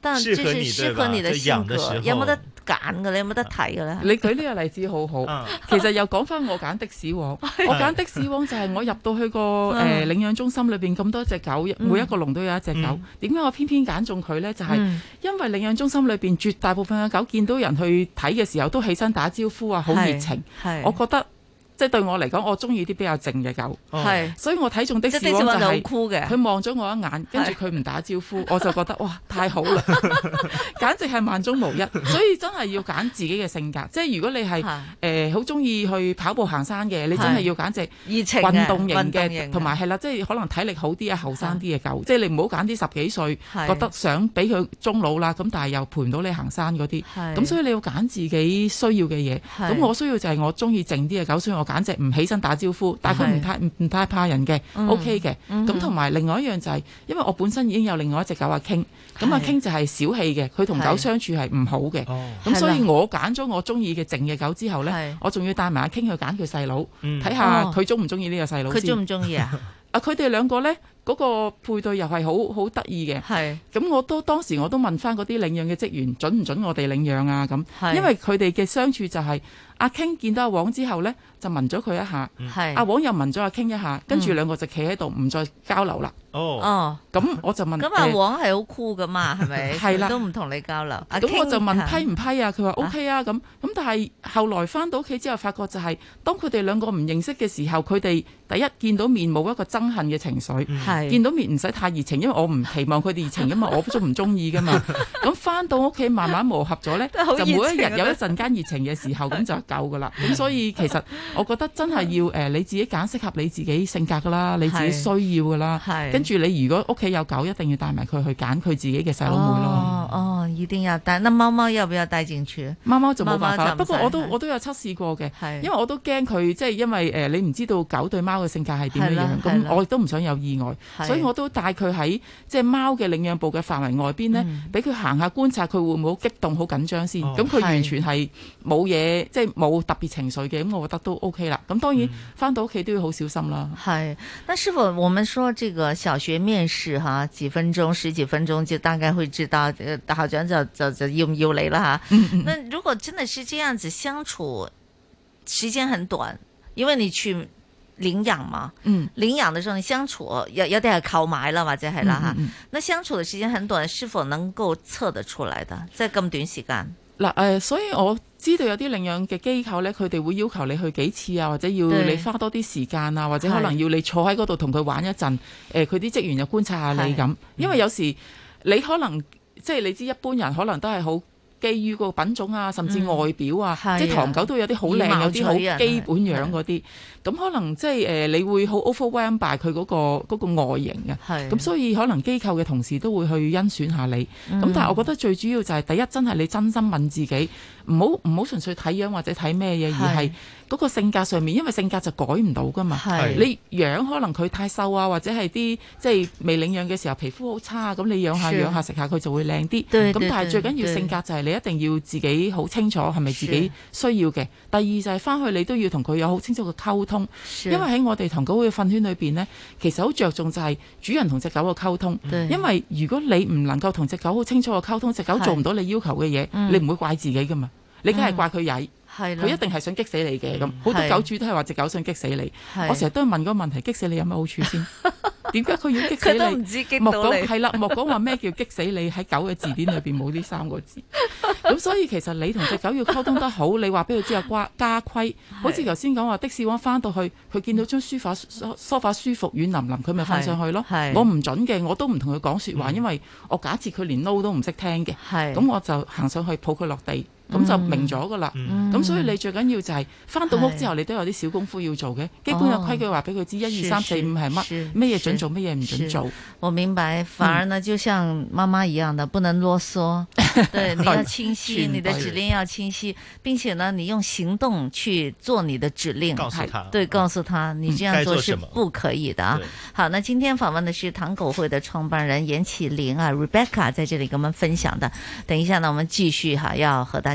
但係，就是適合你的性格，的有冇得揀嘅？你有冇得睇嘅咧？你舉呢個例子好好， 其實又講翻我揀的士王。 我揀的士王就係我入到去個誒、 呃、領養中心裏邊，咁多隻狗、嗯，每一個籠都有一隻狗。點、嗯、解我偏偏揀中佢呢？就係、是、因為領養中心裏邊、嗯、絕大部分嘅狗見到人去睇嘅時候，都起身打招呼啊，好熱情。我覺得。即係對我嚟講，我中意啲比較靜嘅狗。係、哦，所以我睇中的士哥就係佢望咗我一眼，跟住佢唔打招呼，我就覺得 哇，太好啦！ 簡直係萬中無一，所以真係要揀自己嘅性格。 即係如果你係誒好中意去跑步行山嘅，你真係要揀隻熱情運動型嘅，同埋係啦，即係可能體力好啲嘅、後生啲嘅狗。即係你唔好揀啲十幾歲覺得想俾佢終老啦，咁但係又陪唔到你行山嗰啲。咁所以你要揀自己需要嘅嘢。咁我需要就係我中意靜啲嘅狗，所以我。簡直唔起身打招呼，但係佢唔太唔太怕人嘅、嗯，OK 嘅。咁同埋另外一樣就係、是，因為我本身已經有另外一隻狗是阿傾，咁阿傾就係小氣嘅，佢同狗相處係唔好嘅。咁所以我揀咗我中意嘅靜嘅狗之後呢，我仲要帶埋阿傾去揀佢細佬，睇下佢中唔中意呢個細佬？佢中唔中意啊？啊，佢哋兩個呢。嗰、那個配對又係好好得意嘅，咁我都當時我都問翻嗰啲領養嘅職員準唔準我哋領養啊咁，因為佢哋嘅相處就係、是、阿傾見到阿黃之後呢，就聞咗佢一下，阿黃又聞咗阿傾一下，跟、嗯、住兩個就企喺度唔再交流啦。哦，咁我就問咁、哦欸、阿黃係好酷㗎嘛，係咪？係 啦，都唔同你交流。咁 我就問批唔批啊？佢話 OK 啊咁，咁、啊、但係後來翻到屋企之後，發覺就係、是、當佢哋兩個唔認識嘅時候，佢哋第一見到面冇一個憎恨嘅情緒。嗯見到面唔使太熱情，因為我唔期望佢哋熱情㗎嘛，我都唔中意㗎嘛。咁返到屋企慢慢磨合咗呢，就每一日有一陣間熱情嘅時候，咁就夠㗎喇。咁所以其實我覺得真係要誒你自己揀適合你自己性格㗎喇，你自己需要㗎喇。跟住你如果屋企有狗，一定要帶埋佢去揀佢自己嘅細佬妹咯。哦，一定要帶。那貓貓要不要帶進去？貓貓就冇辦法，不過我都我都有測試過嘅，因為我都驚佢即係因為誒你唔知道狗對貓嘅性格係點樣樣，咁我亦都唔想有意外。所以我都帶佢喺，即係貓嘅領養部嘅範圍外邊呢，俾佢行下，觀察佢會唔會好激動好緊張先。咁、哦、佢完全係冇嘢，即係冇特別情緒嘅。咁我覺得都 O K 啦。咁當然翻到屋企都要好小心啦。係，那師傅，我們說這個小學面試哈，幾分鐘十幾分鐘就大概會知道校長就就就，就要唔要你啦吓？ 如果真的是這樣子相處時間很短，因為你去。領養嘛，嗯，領養的時候你相處有有啲係購買啦，或者係啦、嗯嗯、那相處的時間很短，是否能夠測得出來的？即係咁短時間嗱誒，所以我知道有啲領養嘅機構呢，佢哋會要求你去幾次啊，或者要你花多啲時間啊，或者可能要你坐喺嗰度同佢玩一陣誒，佢啲職員就觀察下你咁，因為有時、嗯、你可能即係你知一般人可能都係好。基於個品種啊，甚至外表、嗯、啊，即係唐狗都有啲好靚，有啲好基本樣嗰啲，咁、啊、可能即係、呃、你會好 overwhelm by 佢嗰、嗰個嗰、嗰個、外形嘅，咁、啊、所以可能機構嘅同事都會去甄選下你，咁、嗯、但係我覺得最主要就係、是、第一真係你真心問自己，唔好唔好純粹睇樣或者睇咩嘢，而係。嗰、個性格上面，因為性格就改唔到噶嘛。你養可能佢太瘦啊，或者係啲即係未領養嘅時候皮膚好差，咁你養下養下食下佢就會靚啲。咁但係最緊要性格就係你一定要自己好清楚係咪自己需要嘅。第二就係翻去你都要同佢有好清楚嘅溝通，因為喺我哋唐狗會嘅訓圈裏面呢，其實好着重就係主人同隻狗嘅溝通。因為如果你唔能夠同隻狗好清楚嘅溝通，隻狗做唔到你要求嘅嘢，你唔會怪自己噶嘛，嗯、你梗係怪佢曳。佢一定係想激死你嘅。咁，好、嗯、多狗主都係話隻狗想激死你。是我成日都問嗰個問題：激死你有咩好處先？點解佢要激死你？佢都唔知激到你。啦，莫講話咩叫激死你？喺狗嘅字典裏邊冇呢三個字。咁 所以其實你同隻狗要溝通得好，你話俾佢知有家規。是好似頭先講話的士，我翻到去，佢見到張梳化梳化舒服軟腍腍，佢咪瞓上去咯。是是我唔準嘅，我都唔同佢講説話、嗯，因為我假設佢連 n、no、都唔識聽嘅。咁我就行上去抱佢落地。咁、嗯、就明咗噶啦，咁、嗯嗯嗯、所以你最緊要就係、是、翻到屋之後，你都有啲小功夫要做嘅。基本有規矩話俾佢知，一二三四五係乜，乜嘢準做，乜嘢唔準做。我明白，反而呢、嗯、就像媽媽一樣的，不能囉嗦。 對，你要清晰， 你的指令要清晰。並且呢，你用行動去做你的指令，告訴他，對，對告訴他、嗯、你這樣做是不可以的啊。好，那今天訪問的是唐狗會的創辦人顏綺苓啊，Rebecca，在這裡跟我們分享的。等一下呢，我們繼續哈、啊，要和大。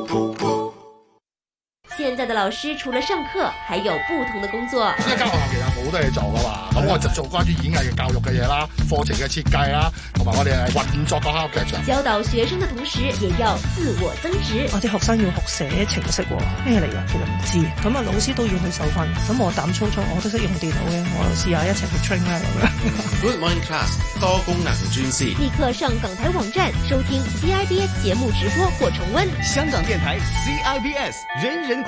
現在的老師除了上課，還有不同的工作。一間學校其實好多嘢做噶嘛，咁我就做關於演藝嘅教育嘅嘢啦，課程嘅設計啦、啊，同埋我哋係運作嗰刻嘅上。教導學生嘅同時，亦要自我增值。我啲學生要學寫程式、啊，咩嚟嘅其實唔知。咁、嗯、啊，嗯、那老師都要去受訓。咁我膽粗粗，我都識用電腦嘅，我試一下一齊去 train 啦、啊。Good morning class，多功能鑽石。立刻上港台網站收聽 CIBS 節目直播或重溫。香港電台 CIBS，人人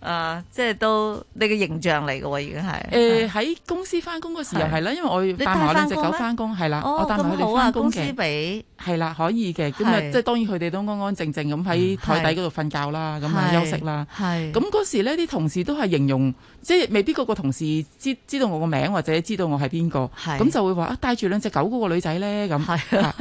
啊，即係都，是你嘅形象嚟嘅喎，已經係。誒、呃，喺公司翻工嗰時又係啦，因為我帶埋我兩隻狗翻工，係啦。哦，咁、哦、好啊。公司俾係啦，可以嘅。咁啊，即係當然佢哋都安安靜靜咁喺台底嗰度瞓覺啦，咁、嗯、啊休息啦。係。咁嗰時咧，啲同事都係形容。即係未必個個同事知知道我個名或者知道我係邊個，咁就會話啊，帶住兩隻狗嗰個女仔咧，咁，咁啊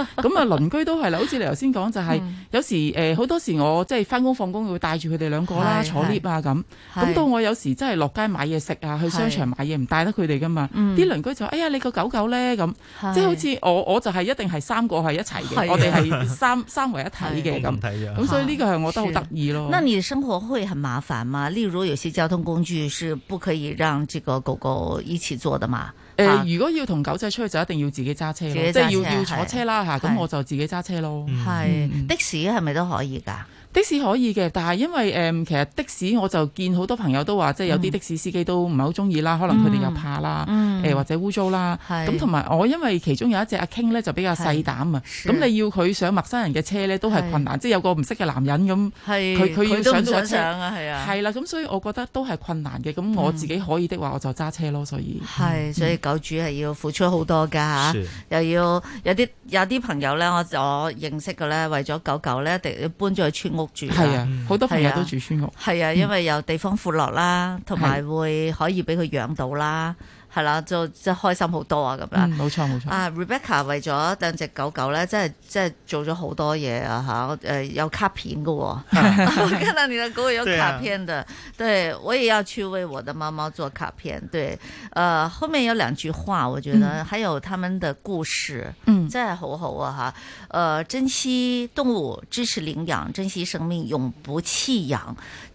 鄰居都係啦， 好似你頭先講就係有時好，嗯呃、多時我即係翻工放工會帶住佢哋兩個啦，坐 lift 啊，咁，咁到我有時真係落街買嘢食啊，去商場買嘢唔帶得佢哋噶嘛。啲，嗯、鄰居就話哎呀你個狗狗咧，咁，即係好似我，我就係一定係三個係一齊嘅，啊，我哋係三 三為一體嘅，咁，咁所以呢個係我覺得好得意咯。那你生活會很麻煩嘛？例如有些交通工具是不都可以讓這個狗狗一起坐的嘛？誒、呃啊，如果要同狗仔出去就一定要自己揸車，車，即係要要坐車啦吓，咁我就自己揸車咯。係、嗯、的士係咪都可以噶？的士可以嘅，但係因為誒、嗯、其實的士我就見好多朋友都話即係有啲的士司機都唔係好中意啦，可能佢哋又怕啦，誒、嗯呃、或者污糟啦，咁同埋我因為其中有一隻阿 King 咧就比較細膽啊，咁你要佢上陌生人嘅車咧都係困難，即係有個唔識嘅男人咁，佢佢都想上啊，係啊，係啦，咁所以我覺得都係困難嘅，咁、嗯、我自己可以的話我就揸車咯，所以係所以狗主係要付出好多噶吓，又要有啲有啲朋友咧，我我認識嘅咧為咗狗狗咧，一定要搬咗去村屋。係啊，好多朋友都住村屋。係啊，嗯，啊，因為有地方闊落啦，同埋會可以俾佢養到啦。係啦，就即係開心好多啊咁樣。冇、嗯、錯冇錯。啊，Rebecca 為咗等隻狗狗咧，真係真係做咗好多嘢啊吓，誒、啊呃、有卡片嘅我、哦。 我看到你的狗有卡片的，對，啊對，我也要去為我的貓貓做卡片。對，呃後面有兩句話，我覺得、嗯、還有他們的故事。嗯，真係好好啊！哈、呃，誒珍惜動物，支持領養，珍惜生命，永不棄養。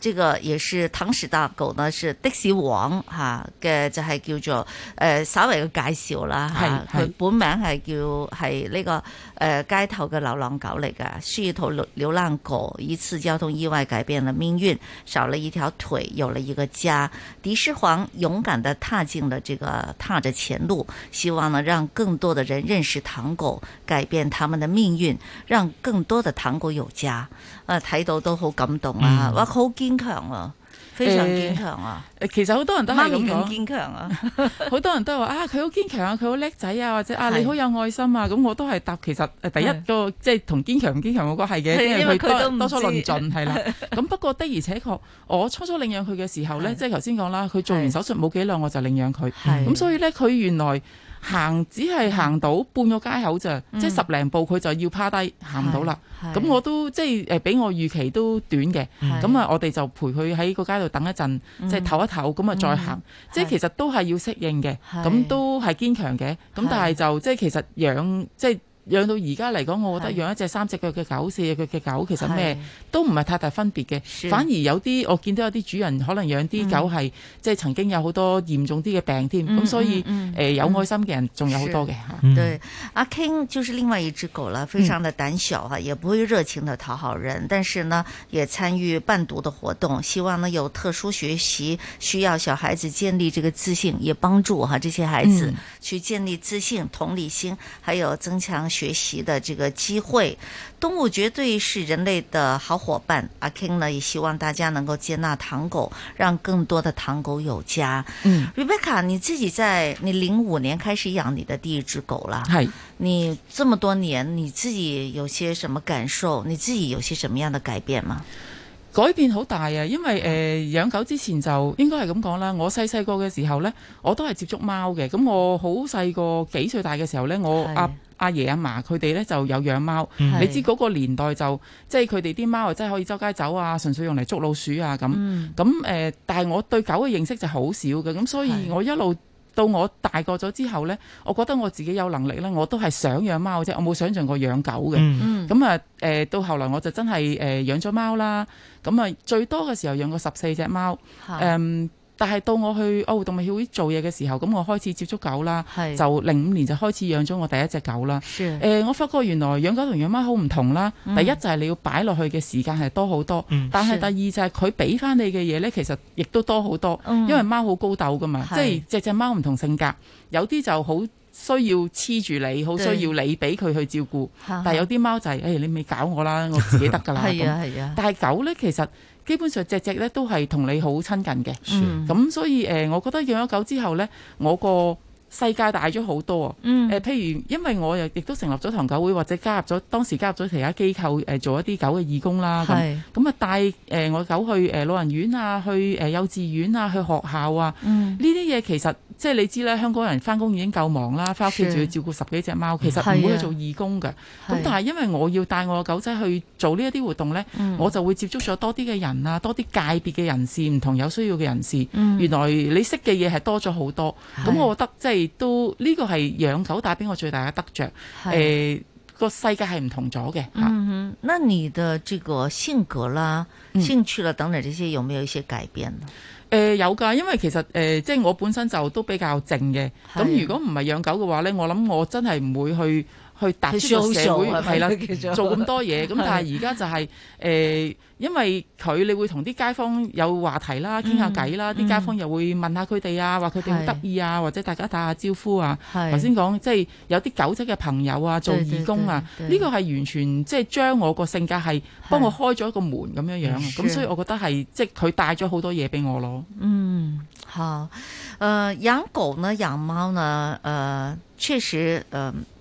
這個也是唐史大狗呢，是 d i 的士王哈嘅就係叫做。誒、呃，稍微嘅介紹啦，吓、哎、佢、啊、本名係叫係呢、哎這個誒、呃、街頭嘅流浪狗嚟㗎，是一頭流浪狗，一次交通意外改變了命運，少了一條腿，有了一個家。狄士皇勇敢地踏進了這個踏着前路，希望呢讓更多的人認識唐狗，改變他們的命運，讓更多的唐狗有家。啊，睇到都好感動啊，哇、嗯，好堅強啊！非常堅強啊、欸！其實好多人都係咁講，堅強啊！好 多人都話啊，佢好堅強啊，佢好叻仔啊，或者啊，你好有愛心啊！咁我都係答，其實誒，第一個即係同堅強唔堅強嗰個係嘅，因為佢都多數論盡係啦。咁 不過的而且確，我初初領養佢嘅時候咧，即係頭先講啦，佢做完手術冇幾耐，我就領養佢，咁所以咧，佢原來。行只係行到半個街口咋，嗯，即係十零步佢就要趴低行唔到啦。咁我都即係誒，比我預期都短嘅。咁啊，我哋就陪佢喺個街度等一陣，嗯，即係唞一唞，咁、嗯、啊再行。即係其實都係要適應嘅，咁都係堅強嘅。咁但係就即係其實養即係。養到而家嚟講，我覺得養一隻三隻腳嘅狗，四隻腳嘅狗，其實咩都唔係太大分別嘅。反而有啲我見到有啲主人可能養啲狗係、嗯、即係曾經有好多嚴重啲嘅病添。咁、嗯嗯、所以，嗯嗯嗯嗯所以呃、有愛心嘅人仲有好多嘅嚇、嗯。對，阿 King 就是另外一隻狗啦，非常的膽小，也不會熱情的討好人，嗯、但是呢，也參與伴讀的活動，希望呢有特殊學習需要小孩子建立這個自信，也幫助嚇這些孩子去建立自信、同理心，還有增強。學習的這個機會，動物絕對是人類的好夥伴。阿 King 呢，也希望大家能夠接納唐狗，讓更多的唐狗有家。嗯，Rebecca，你自己在你零五年開始養你的第一隻狗了，是。你這麼多年，你自己有些什麼感受？你自己有些什麼樣的改變嗎？改變好大呀、啊，因為誒、呃，養狗之前就應該係咁講啦。我細細個嘅時候呢，我都係接觸貓嘅。咁我好細個幾歲大嘅時候呢，我阿爺阿嫲佢哋呢就有養貓，嗯、你知嗰個年代就即係佢哋啲貓啊，真係可以周街走啊，純粹用嚟捉老鼠啊咁。咁誒，但係我對狗嘅認識就好少嘅，咁所以我一路到我大個咗之後呢，我覺得我自己有能力呢，我都係想養貓啫，我冇想象過養狗嘅。咁啊誒，到後來我就真係誒養咗貓啦。咁啊最多嘅時候養過十四隻貓，嗯但係到我去我、哦、動物協會做嘢嘅時候，咁我開始接觸狗啦，就零五年就開始養咗我第一隻狗啦。誒、呃，我發覺原來養狗同養貓好唔同啦、嗯。第一就係你要擺落去嘅時間係多好多，嗯、但係第二就係佢俾翻你嘅嘢呢，其實亦都多好多、嗯，因為貓好高竇㗎嘛，即係隻隻貓唔同性格，有啲就好需要黐住你，好需要你俾佢去照顧。但係有啲貓就係，是，誒、 哎、你咪搞我啦，我自己得㗎啦。係 啊係啊。但係狗呢，其實基本上隻隻咧都係同你好親近嘅。咁、嗯、所以誒、呃，我覺得養咗狗之後呢，我個世界大咗好多啊、嗯呃。譬如因為我又亦都成立咗唐狗會，或者加入咗當時加入咗其他機構誒、呃，做一啲狗嘅義工啦。咁咁啊，帶誒我狗去誒、呃、老人院啊，去誒、呃、幼稚園啊，去學校啊。呢、嗯、啲嘅其實即係你知啦，香港人返工已經夠忙啦，返屋企仲要照顧十幾隻貓，其實唔會去做義工嘅。咁、啊啊、但係因為我要帶我的狗仔去做呢一啲活動呢、啊，我就會接觸咗多啲嘅人啊，多啲界別嘅人士，唔同有需要嘅人士、嗯。原來你識嘅嘢係多咗好多。咁、啊、我覺得即係都呢個係養狗帶俾我最大嘅得着。誒、啊、個、呃、世界係唔同咗嘅。嗯哼，那你的這個性格啦、嗯、興趣啦等等這些有沒有一些改變呢？誒、呃、有㗎，因為其實誒、呃、即係我本身就都比較靜嘅，咁如果唔係養狗嘅話呢，我諗我真係唔會去。去突出社會係啦、啊，做咁多嘢咁，但係而家就係、是、誒、呃，因為佢你會同啲街坊有話題啦，傾下偈啦，啲、嗯、街坊又會問下佢哋啊，話佢哋好得意啊，或者大家打下招呼啊。頭先講即係有啲狗仔嘅朋友啊，做義工啊，呢、這個係完全即係將我個性格係幫我開咗一個門咁樣樣，咁所以我覺得係即係佢帶咗好多嘢俾我囉。嗯，好，誒、呃、養狗呢，養貓呢，誒、呃、確實，嗯、呃。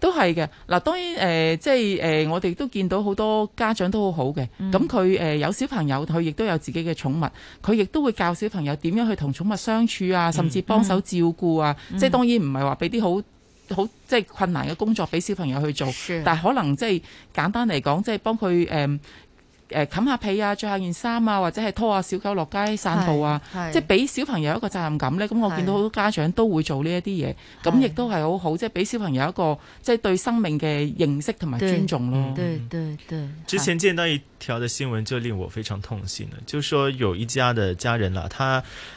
都係嘅，嗱當然誒、呃，即係誒、呃，我哋都見到好多家長都好好嘅，咁佢誒有小朋友，佢亦都有自己嘅寵物，佢亦都會教小朋友點樣去同寵物相處啊，甚至幫手照顧啊、嗯嗯，即係當然唔係話俾啲好好即係困難嘅工作俾小朋友去做，但係可能即係簡單嚟講，即係幫佢誒誒冚下被啊，着下件衫啊，或者係拖下小狗落街散步啊，即係俾小朋友一個責任感咧。咁我見到好多家長都會做呢一啲嘢，咁亦都係好好，即係俾小朋友一個即係對生命嘅認識同埋尊重咯。對對、嗯、對。之前見到。條的新聞就令我非常痛心啦，就說有一家的家人啦、啊、他，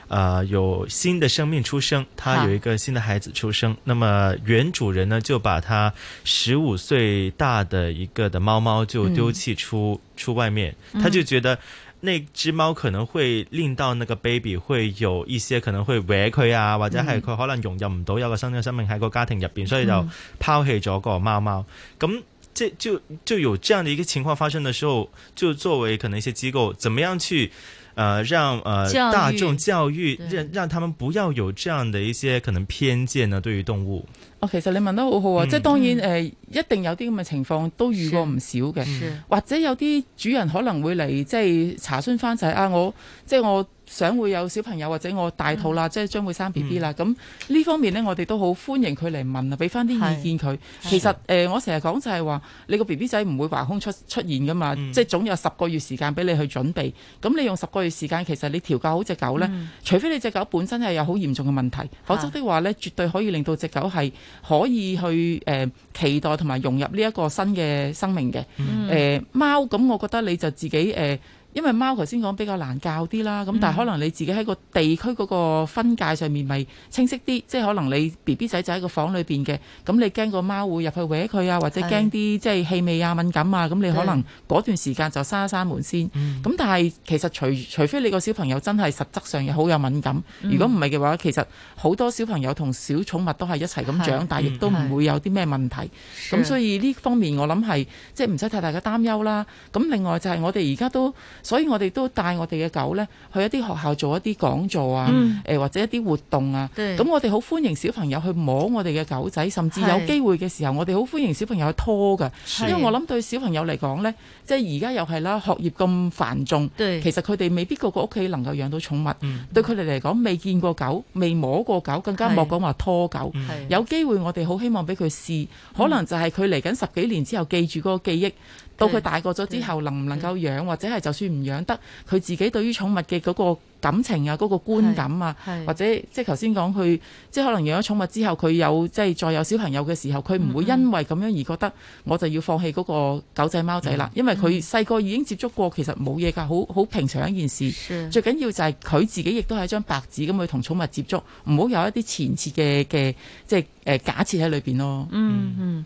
啊、呃、有新的生命出生，他有一個新的孩子出生，那麼原主人呢就把他十五歲大的一個的貓貓就丟棄出、嗯、出外面，他就覺得那隻貓可能會令到那個 baby 會有一些可能會危害佢啊，或者係佢可能融入唔到一個新生命喺個家庭入邊，所以就拋棄咗嗰個貓貓，咁、嗯。嗯這就就有這樣的一個情況發生的時候，就作為可能一些機構，怎麼樣去，呃，讓呃大眾教育，讓讓他們不要有這樣的一些可能偏見呢？對於動物。哦，其實你問得好好啊，嗯、即係當然誒、呃，一定有啲咁嘅情況都遇過唔少嘅，或者有啲主人可能會嚟即係查詢翻就係啊，我即係我。想會有小朋友或者我大肚啦，嗯、即係將會生 B B 啦。咁、嗯、呢方面呢，我哋都好歡迎佢嚟問啊，俾翻啲意見佢。其實是是、呃、我成日講就係話，你個 B B 仔唔會橫空出出現噶嘛，嗯、即係總有十個月時間俾你去準備。咁你用十個月時間，其實你調教好隻狗呢，嗯、除非你隻狗本身係有好嚴重嘅問題，否則的話呢，絕對可以令到隻狗係可以去、呃、期待同埋融入呢一個新嘅生命嘅誒、嗯呃、貓。咁我覺得你就自己、呃因為貓頭先講比較難教啲啦，咁、嗯、但係可能你自己喺個地區嗰個分界上面咪清晰啲、嗯，即係可能你 B B 仔就喺個房裏面嘅，咁、嗯、你驚個貓會入去搲佢啊，或者驚啲即係氣味啊敏感啊，咁你可能嗰段時間就閂一閂門先。咁、嗯、但係其實除除非你個小朋友真係實質上又好有敏感，嗯、如果唔係嘅話，其實好多小朋友同小寵物都係一齊咁長大，亦、嗯、都唔會有啲咩問題。咁所以呢方面我諗係即係唔使太大嘅擔憂啦。咁另外就係我哋而家都。所以我哋都帶我哋嘅狗呢，去一啲學校做一啲講座啊，嗯呃、或者一啲活動啊。咁我哋好歡迎小朋友去摸我哋嘅狗仔，甚至有機會嘅時候，我哋好歡迎小朋友去拖㗎！因為我諗對小朋友嚟講呢，即係而家又係啦，學業咁繁重，對其實佢哋未必個個屋企能夠養到寵物。嗯、對佢哋嚟講，未見過狗、未摸過狗，更加莫講話拖狗。有機會我哋好希望俾佢試，可能就係佢嚟緊十幾年之後記住嗰個記憶。到佢大個咗之後，能唔能夠養，或者係就算唔養得，佢自己對於寵物嘅嗰個感情啊，嗰個觀感啊，或者即係頭先講佢，即係可能養咗寵物之後，佢有即係再有小朋友嘅時候，佢唔會因為咁樣而覺得、嗯、我就要放棄嗰個狗仔貓仔啦、嗯，因為佢細個已經接觸過，其實冇嘢噶，好好平常一件事。最緊要就係佢自己亦都係一張白紙咁去同寵物接觸，唔好有一啲前設嘅嘅即係假設喺裏邊咯。嗯嗯。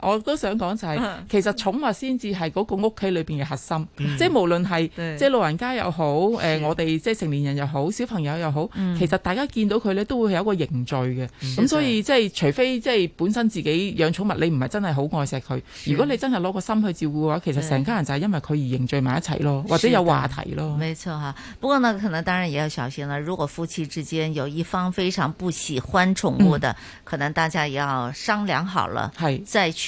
我都想講就係、是，其實寵物先至係嗰個屋企裏邊嘅核心，嗯、即係無論係即係老人家又好，誒、呃、我哋即係成年人又好，小朋友又好、嗯，其實大家見到佢咧都會有一個凝聚嘅，咁所以即係除非即係本身自己養寵物，你唔係真係好愛錫佢，如果你真係攞個心去照顧嘅話，其實成家人就係因為佢而凝聚埋一齊咯，或者有話題咯。沒錯吓，不過呢可能當然也要小心啦。如果夫妻之間有一方非常不喜歡寵物的、嗯，可能大家也要商量好了，係再去。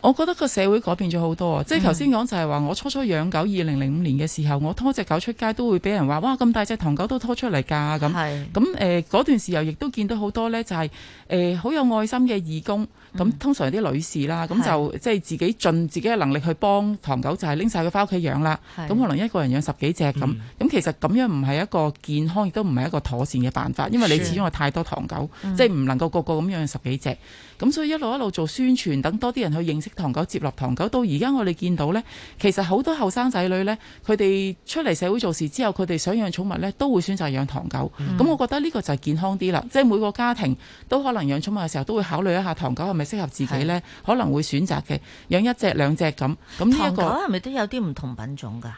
我覺得個社會改變咗好多啊！即係頭先講就係話，我初初養狗二零零五年嘅時候，我拖隻狗出街都會俾人話，哇，咁大隻唐狗都拖出嚟㗎咁。咁嗰、呃、段時候亦都見到好多呢，就係、是、好、呃、有愛心嘅義工。咁、嗯、通常啲女士啦，咁就即係自己盡自己嘅能力去幫唐狗，就係拎晒佢翻屋企養啦。咁可能一個人養十幾隻咁，咁、嗯、其實咁樣唔係一個健康，亦都唔係一個妥善嘅辦法，因為你始終有太多唐狗，嗯、即係唔能夠個個咁養十幾隻。咁所以一路一路做宣傳，等多啲人去認識唐狗，接納唐狗。到而家我哋見到呢，其實好多後生仔女呢，佢哋出嚟社會做事之後，佢哋想養寵物呢，都會選擇養唐狗。咁、嗯、我覺得呢個就係健康啲啦。即係每個家庭都可能養寵物嘅時候，都會考慮一下唐狗係咪適合自己呢，可能會選擇嘅養一隻兩隻咁。咁呢一個係咪都有啲唔同品種㗎？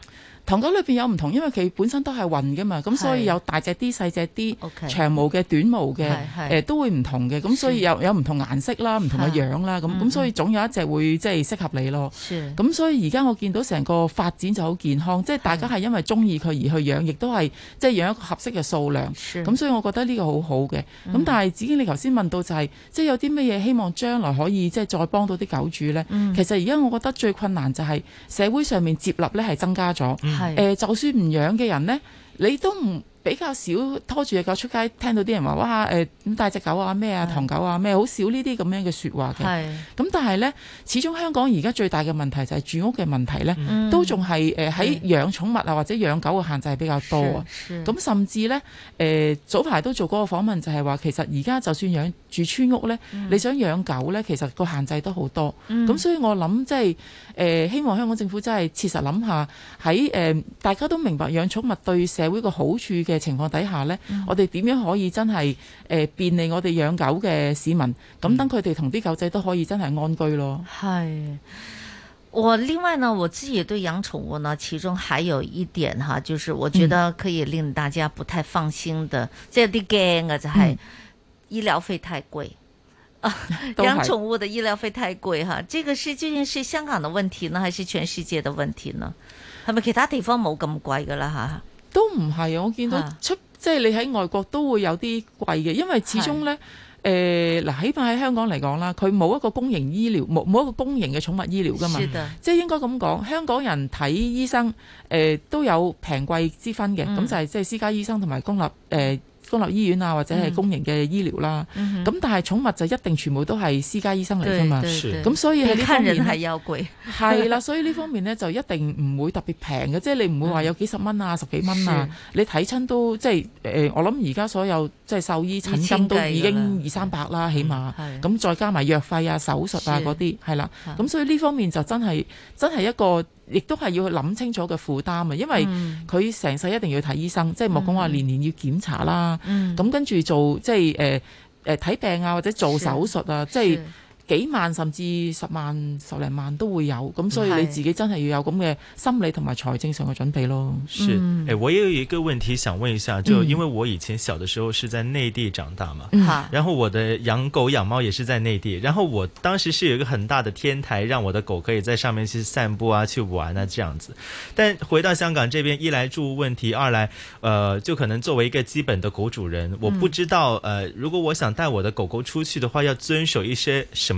唐狗裏面有唔同，因為佢本身都係混㗎嘛，咁所以有大隻啲、細隻啲、okay、長毛嘅、短毛嘅、呃，都會唔同嘅，咁所以有有唔同顏色啦、唔同嘅樣啦，咁咁、嗯、所以總有一隻會即係適合你咯。咁所以而家我見到成個發展就好健康，即係大家係因為中意佢而去養，亦都係即係養一個合適嘅數量。咁所以我覺得呢個好好嘅。咁、嗯、但係子堅，你頭先問到就係、是、即係有啲乜嘢希望將來可以即係再幫到啲狗主呢？嗯、其實而家我覺得最困難就係社會上面接納咧係增加咗。嗯誒、呃，就算唔養嘅人咧，你都唔比較少拖住隻狗出街，聽到啲人話哇誒，咁大隻狗啊咩啊，唐狗啊咩？好、啊、少呢啲咁樣嘅說話嘅。咁但係呢，始終香港而家最大嘅問題就係住屋嘅問題呢，嗯、都仲係喺養寵物啊或者養狗嘅限制比較多。咁甚至呢，呃、早排都做過個訪問就，就係話其實而家就算養住村屋呢、嗯，你想養狗呢，其實個限制都好多。咁、嗯、所以我諗即係希望香港政府真係切實諗下喺、呃、大家都明白養寵物對社會個好處嘅。情況底下呢，我哋點樣可以真係誒便利我哋養狗嘅市民？咁等佢哋同啲狗仔都可以真係安居咯。係，我另外呢，我自己對養寵物呢，其中還有一點哈，就是我覺得可以令大家不太放心的，即係啲驚啊，這就係醫療費太貴。嗯、 養寵物的醫療費太貴哈，這個是究竟是香港的問題呢，還是全世界的問題呢？係咪其他地方冇咁貴噶啦吓？都唔係啊，我見到出即係你喺外國都會有啲貴嘅，因為始終呢，誒嗱、呃，起碼喺香港嚟講啦，佢冇一個公營醫療，冇冇一個公營嘅寵物醫療㗎嘛。是即係應該咁講，香港人睇醫生誒、呃、都有平貴之分嘅，咁就係即係私家醫生同埋公立誒。呃公立醫院啊，或者係公營嘅醫療啦，咁、嗯、但係寵物就一定全部都係私家醫生嚟噶嘛，咁所以喺呢方面係要貴，係啦，所以呢方面呢， 面就一定唔會特別平嘅，即、嗯、係你唔會話有幾十蚊啊、十幾蚊啊，你睇親都即係誒，我諗而家所有。即係獸醫診金都已經二三百啦，起碼咁、嗯、再加埋藥費啊、手術啊嗰啲，係啦。咁所以呢方面就真係真係一個，亦都係要去諗清楚嘅負擔啊。因為佢成世一定要睇醫生，嗯、即係莫講話年年要檢查啦。咁、嗯、跟住做即係呃、睇病啊，或者做手術啊，即係。幾萬甚至十萬十零萬都會有，咁所以你自己真係要有咁嘅心理同埋財政上嘅準備咯。是，欸，我也有一個問題想問一下，就因為我以前小的時候是在內地長大嘛，嗯，然後我的養狗養貓也是在內地，然後我當時是有一個很大的天台，讓我的狗可以在上面去散步啊，去玩啊，這樣子。但回到香港這邊，一來住問題，二來，呃，就可能作為一個基本的狗主人，我不知道，呃，如果我想帶我的狗狗出去的話，要遵守一些什麼？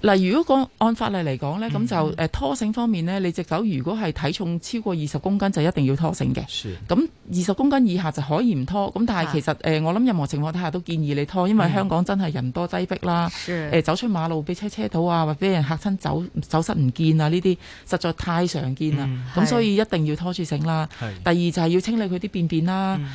嗱，如果講按法例嚟講呢，咁就、嗯、拖繩方面呢，你隻狗如果係體重超過二十公斤就一定要拖繩嘅。咁二十公斤以下就可以唔拖。咁但係其實、呃、我諗任何情況底下都建議你拖，因為香港真係人多擠迫啦、呃。走出馬路俾車車到啊，或俾人嚇親走走失唔見啊，呢啲實在太常見啦。咁、嗯、所以一定要拖住繩啦。第二就係要清理佢啲便便啦。嗯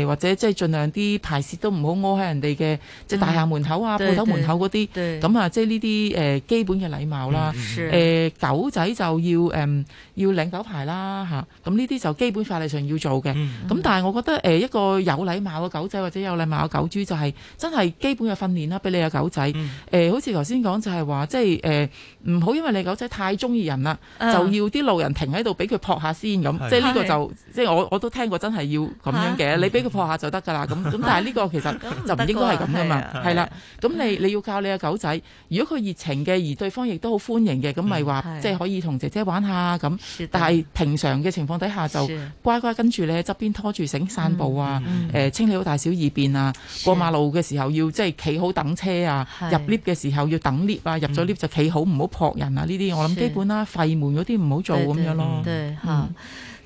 呃、或者即係盡量啲排泄都唔好屙喺人哋嘅、嗯、即係大廈門口啊、鋪、嗯、頭門口嗰啲。咁啊，即係呢啲誒基本嘅禮貌啦，誒、呃，狗仔就要誒。嗯要領狗牌啦嚇，咁呢啲就基本法律上要做嘅。咁、嗯、但係我覺得誒、呃、一個有禮貌嘅狗仔或者有禮貌嘅狗主就係真係基本嘅訓練啦，俾你嘅狗仔誒、嗯呃，好似頭先講就係話即係誒唔好，呃、因為你狗仔太中意人啦、啊，就要啲路人停喺度俾佢撲下先咁。即係呢個就即係我我都聽過真，真係要咁樣嘅。你俾佢撲下就得㗎啦。咁、啊、咁但係呢個其實、啊、就唔應該係咁㗎嘛。係啦、啊，咁、啊啊嗯嗯、你你要教你嘅狗仔，如果佢熱情嘅，而對方亦都好歡迎嘅，咁咪話即係可以同姐姐玩下咁。但係平常嘅情況底下就乖乖跟住咧，側邊拖住繩散步啊，誒、嗯嗯呃、清理好大小二便啊，過馬路嘅時候要即係企好等車啊，的入 lift 嘅時候要等 lift 啊，嗯、入咗 lift 就企好唔好撲人啊，呢啲我諗基本啦、啊，吠門嗰啲唔好做咁樣咯，對。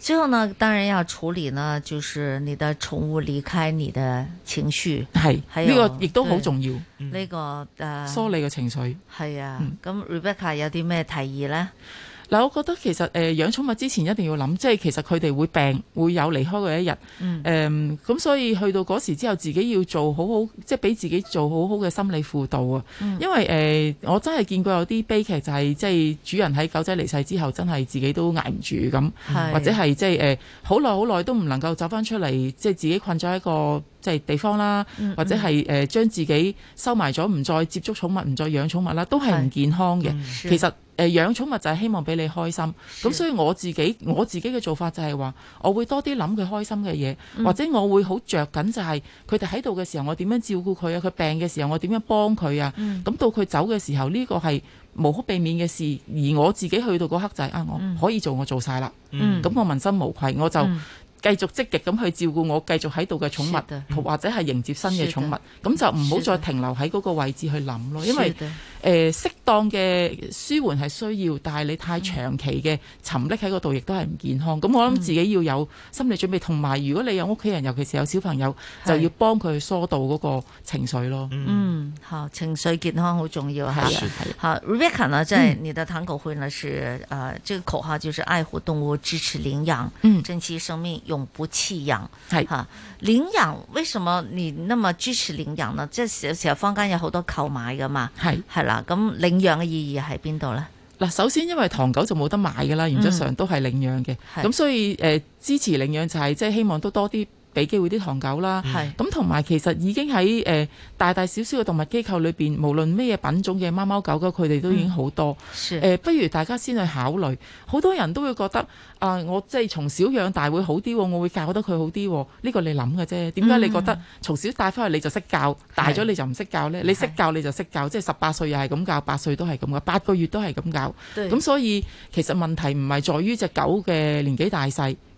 最後呢，當然要處理呢，就是你的寵物離開你嘅情緒係，呢、這個亦都好重要。呢、嗯，這個誒，梳理嘅情緒係啊，咁 Rebecca 有啲咩提議呢？嗱，我覺得其實誒養寵物之前一定要諗，即係其實佢哋會病，會有離開嘅一日。誒、嗯、咁、嗯，所以去到嗰時之後，自己要做好好，即係俾自己做好好嘅心理輔導啊、嗯。因為誒、呃，我真係見過有啲悲劇、就是，就係即係主人喺狗仔離世之後，真係自己都捱唔住咁，或者係即係好耐好耐都唔能夠走翻出嚟，即係自己困咗喺一個即、就、係、是、地方啦，或者係誒、呃、將自己收埋咗，唔再接觸寵物，唔再養寵物啦，都係唔健康嘅、嗯。其實誒、呃、養寵物就係希望俾你開心。咁所以我自己我自己嘅做法就係話，我會多啲諗佢開心嘅嘢，或者我會好着緊就係佢哋喺度嘅時候，我點樣照顧佢啊？佢病嘅時候，我點樣幫佢啊？咁、嗯、到佢走嘅時候，呢、這個係無可避免嘅事。而我自己去到嗰刻就係、是、啊，我可以做，我做晒啦。咁、嗯、我問心無愧，我就，嗯繼續積極咁去照顧我，繼續喺度嘅寵物，是嗯、或者係迎接新嘅寵物，咁就唔好再停留喺嗰個位置去諗咯。因為誒、呃、適當嘅舒緩係需要，但係你太長期嘅沉溺喺嗰度，亦都係唔健康。咁我諗自己要有心理準備，同、嗯、埋如果你有屋企人，尤其是有小朋友，就要幫佢去疏導嗰個情緒咯。嗯，好情緒健康好重要嚇。哈，Rebecca 在你的談口匯呢是，呃、嗯，這個口號就是愛護動物，支持領養，珍、嗯、惜生命。永不棄養，係吓領養，為什麼你那麼支持領養呢？即係有時候坊間有好多購買噶嘛，係係啦，咁領養嘅意義喺邊度呢？嗱，首先因為唐狗就冇得買噶啦，原則上都係領養嘅，咁、嗯、所以誒、呃、支持領養就係、是、即係希望都多啲。俾機會啲唐狗啦，咁同埋其實已經喺誒大大小小嘅動物機構裏邊，無論咩嘢品種嘅貓貓狗狗，佢哋都已經好多。誒，不如大家先去考慮。好多人都會覺得啊，我即係從小養大會好啲，我會教得佢好啲。呢個你諗嘅啫。點解你覺得從小帶翻去你就識教，大咗你就唔識教呢？你識教你就識教，即係十八歲又係咁教，八歲都係咁教，八個月都係咁教。咁所以其實問題唔係在於隻狗嘅年紀大細。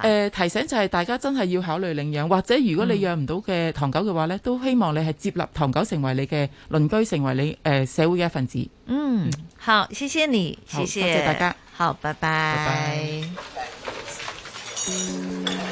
呃、提醒就係大家真係要考慮領養，或者如果你養唔到嘅唐狗嘅話呢、嗯、都希望你係接納唐狗成為你嘅鄰居，成為你誒、呃、社會嘅一份子嗯。嗯，好，謝謝你，謝謝，謝大家，好，拜拜。拜拜嗯。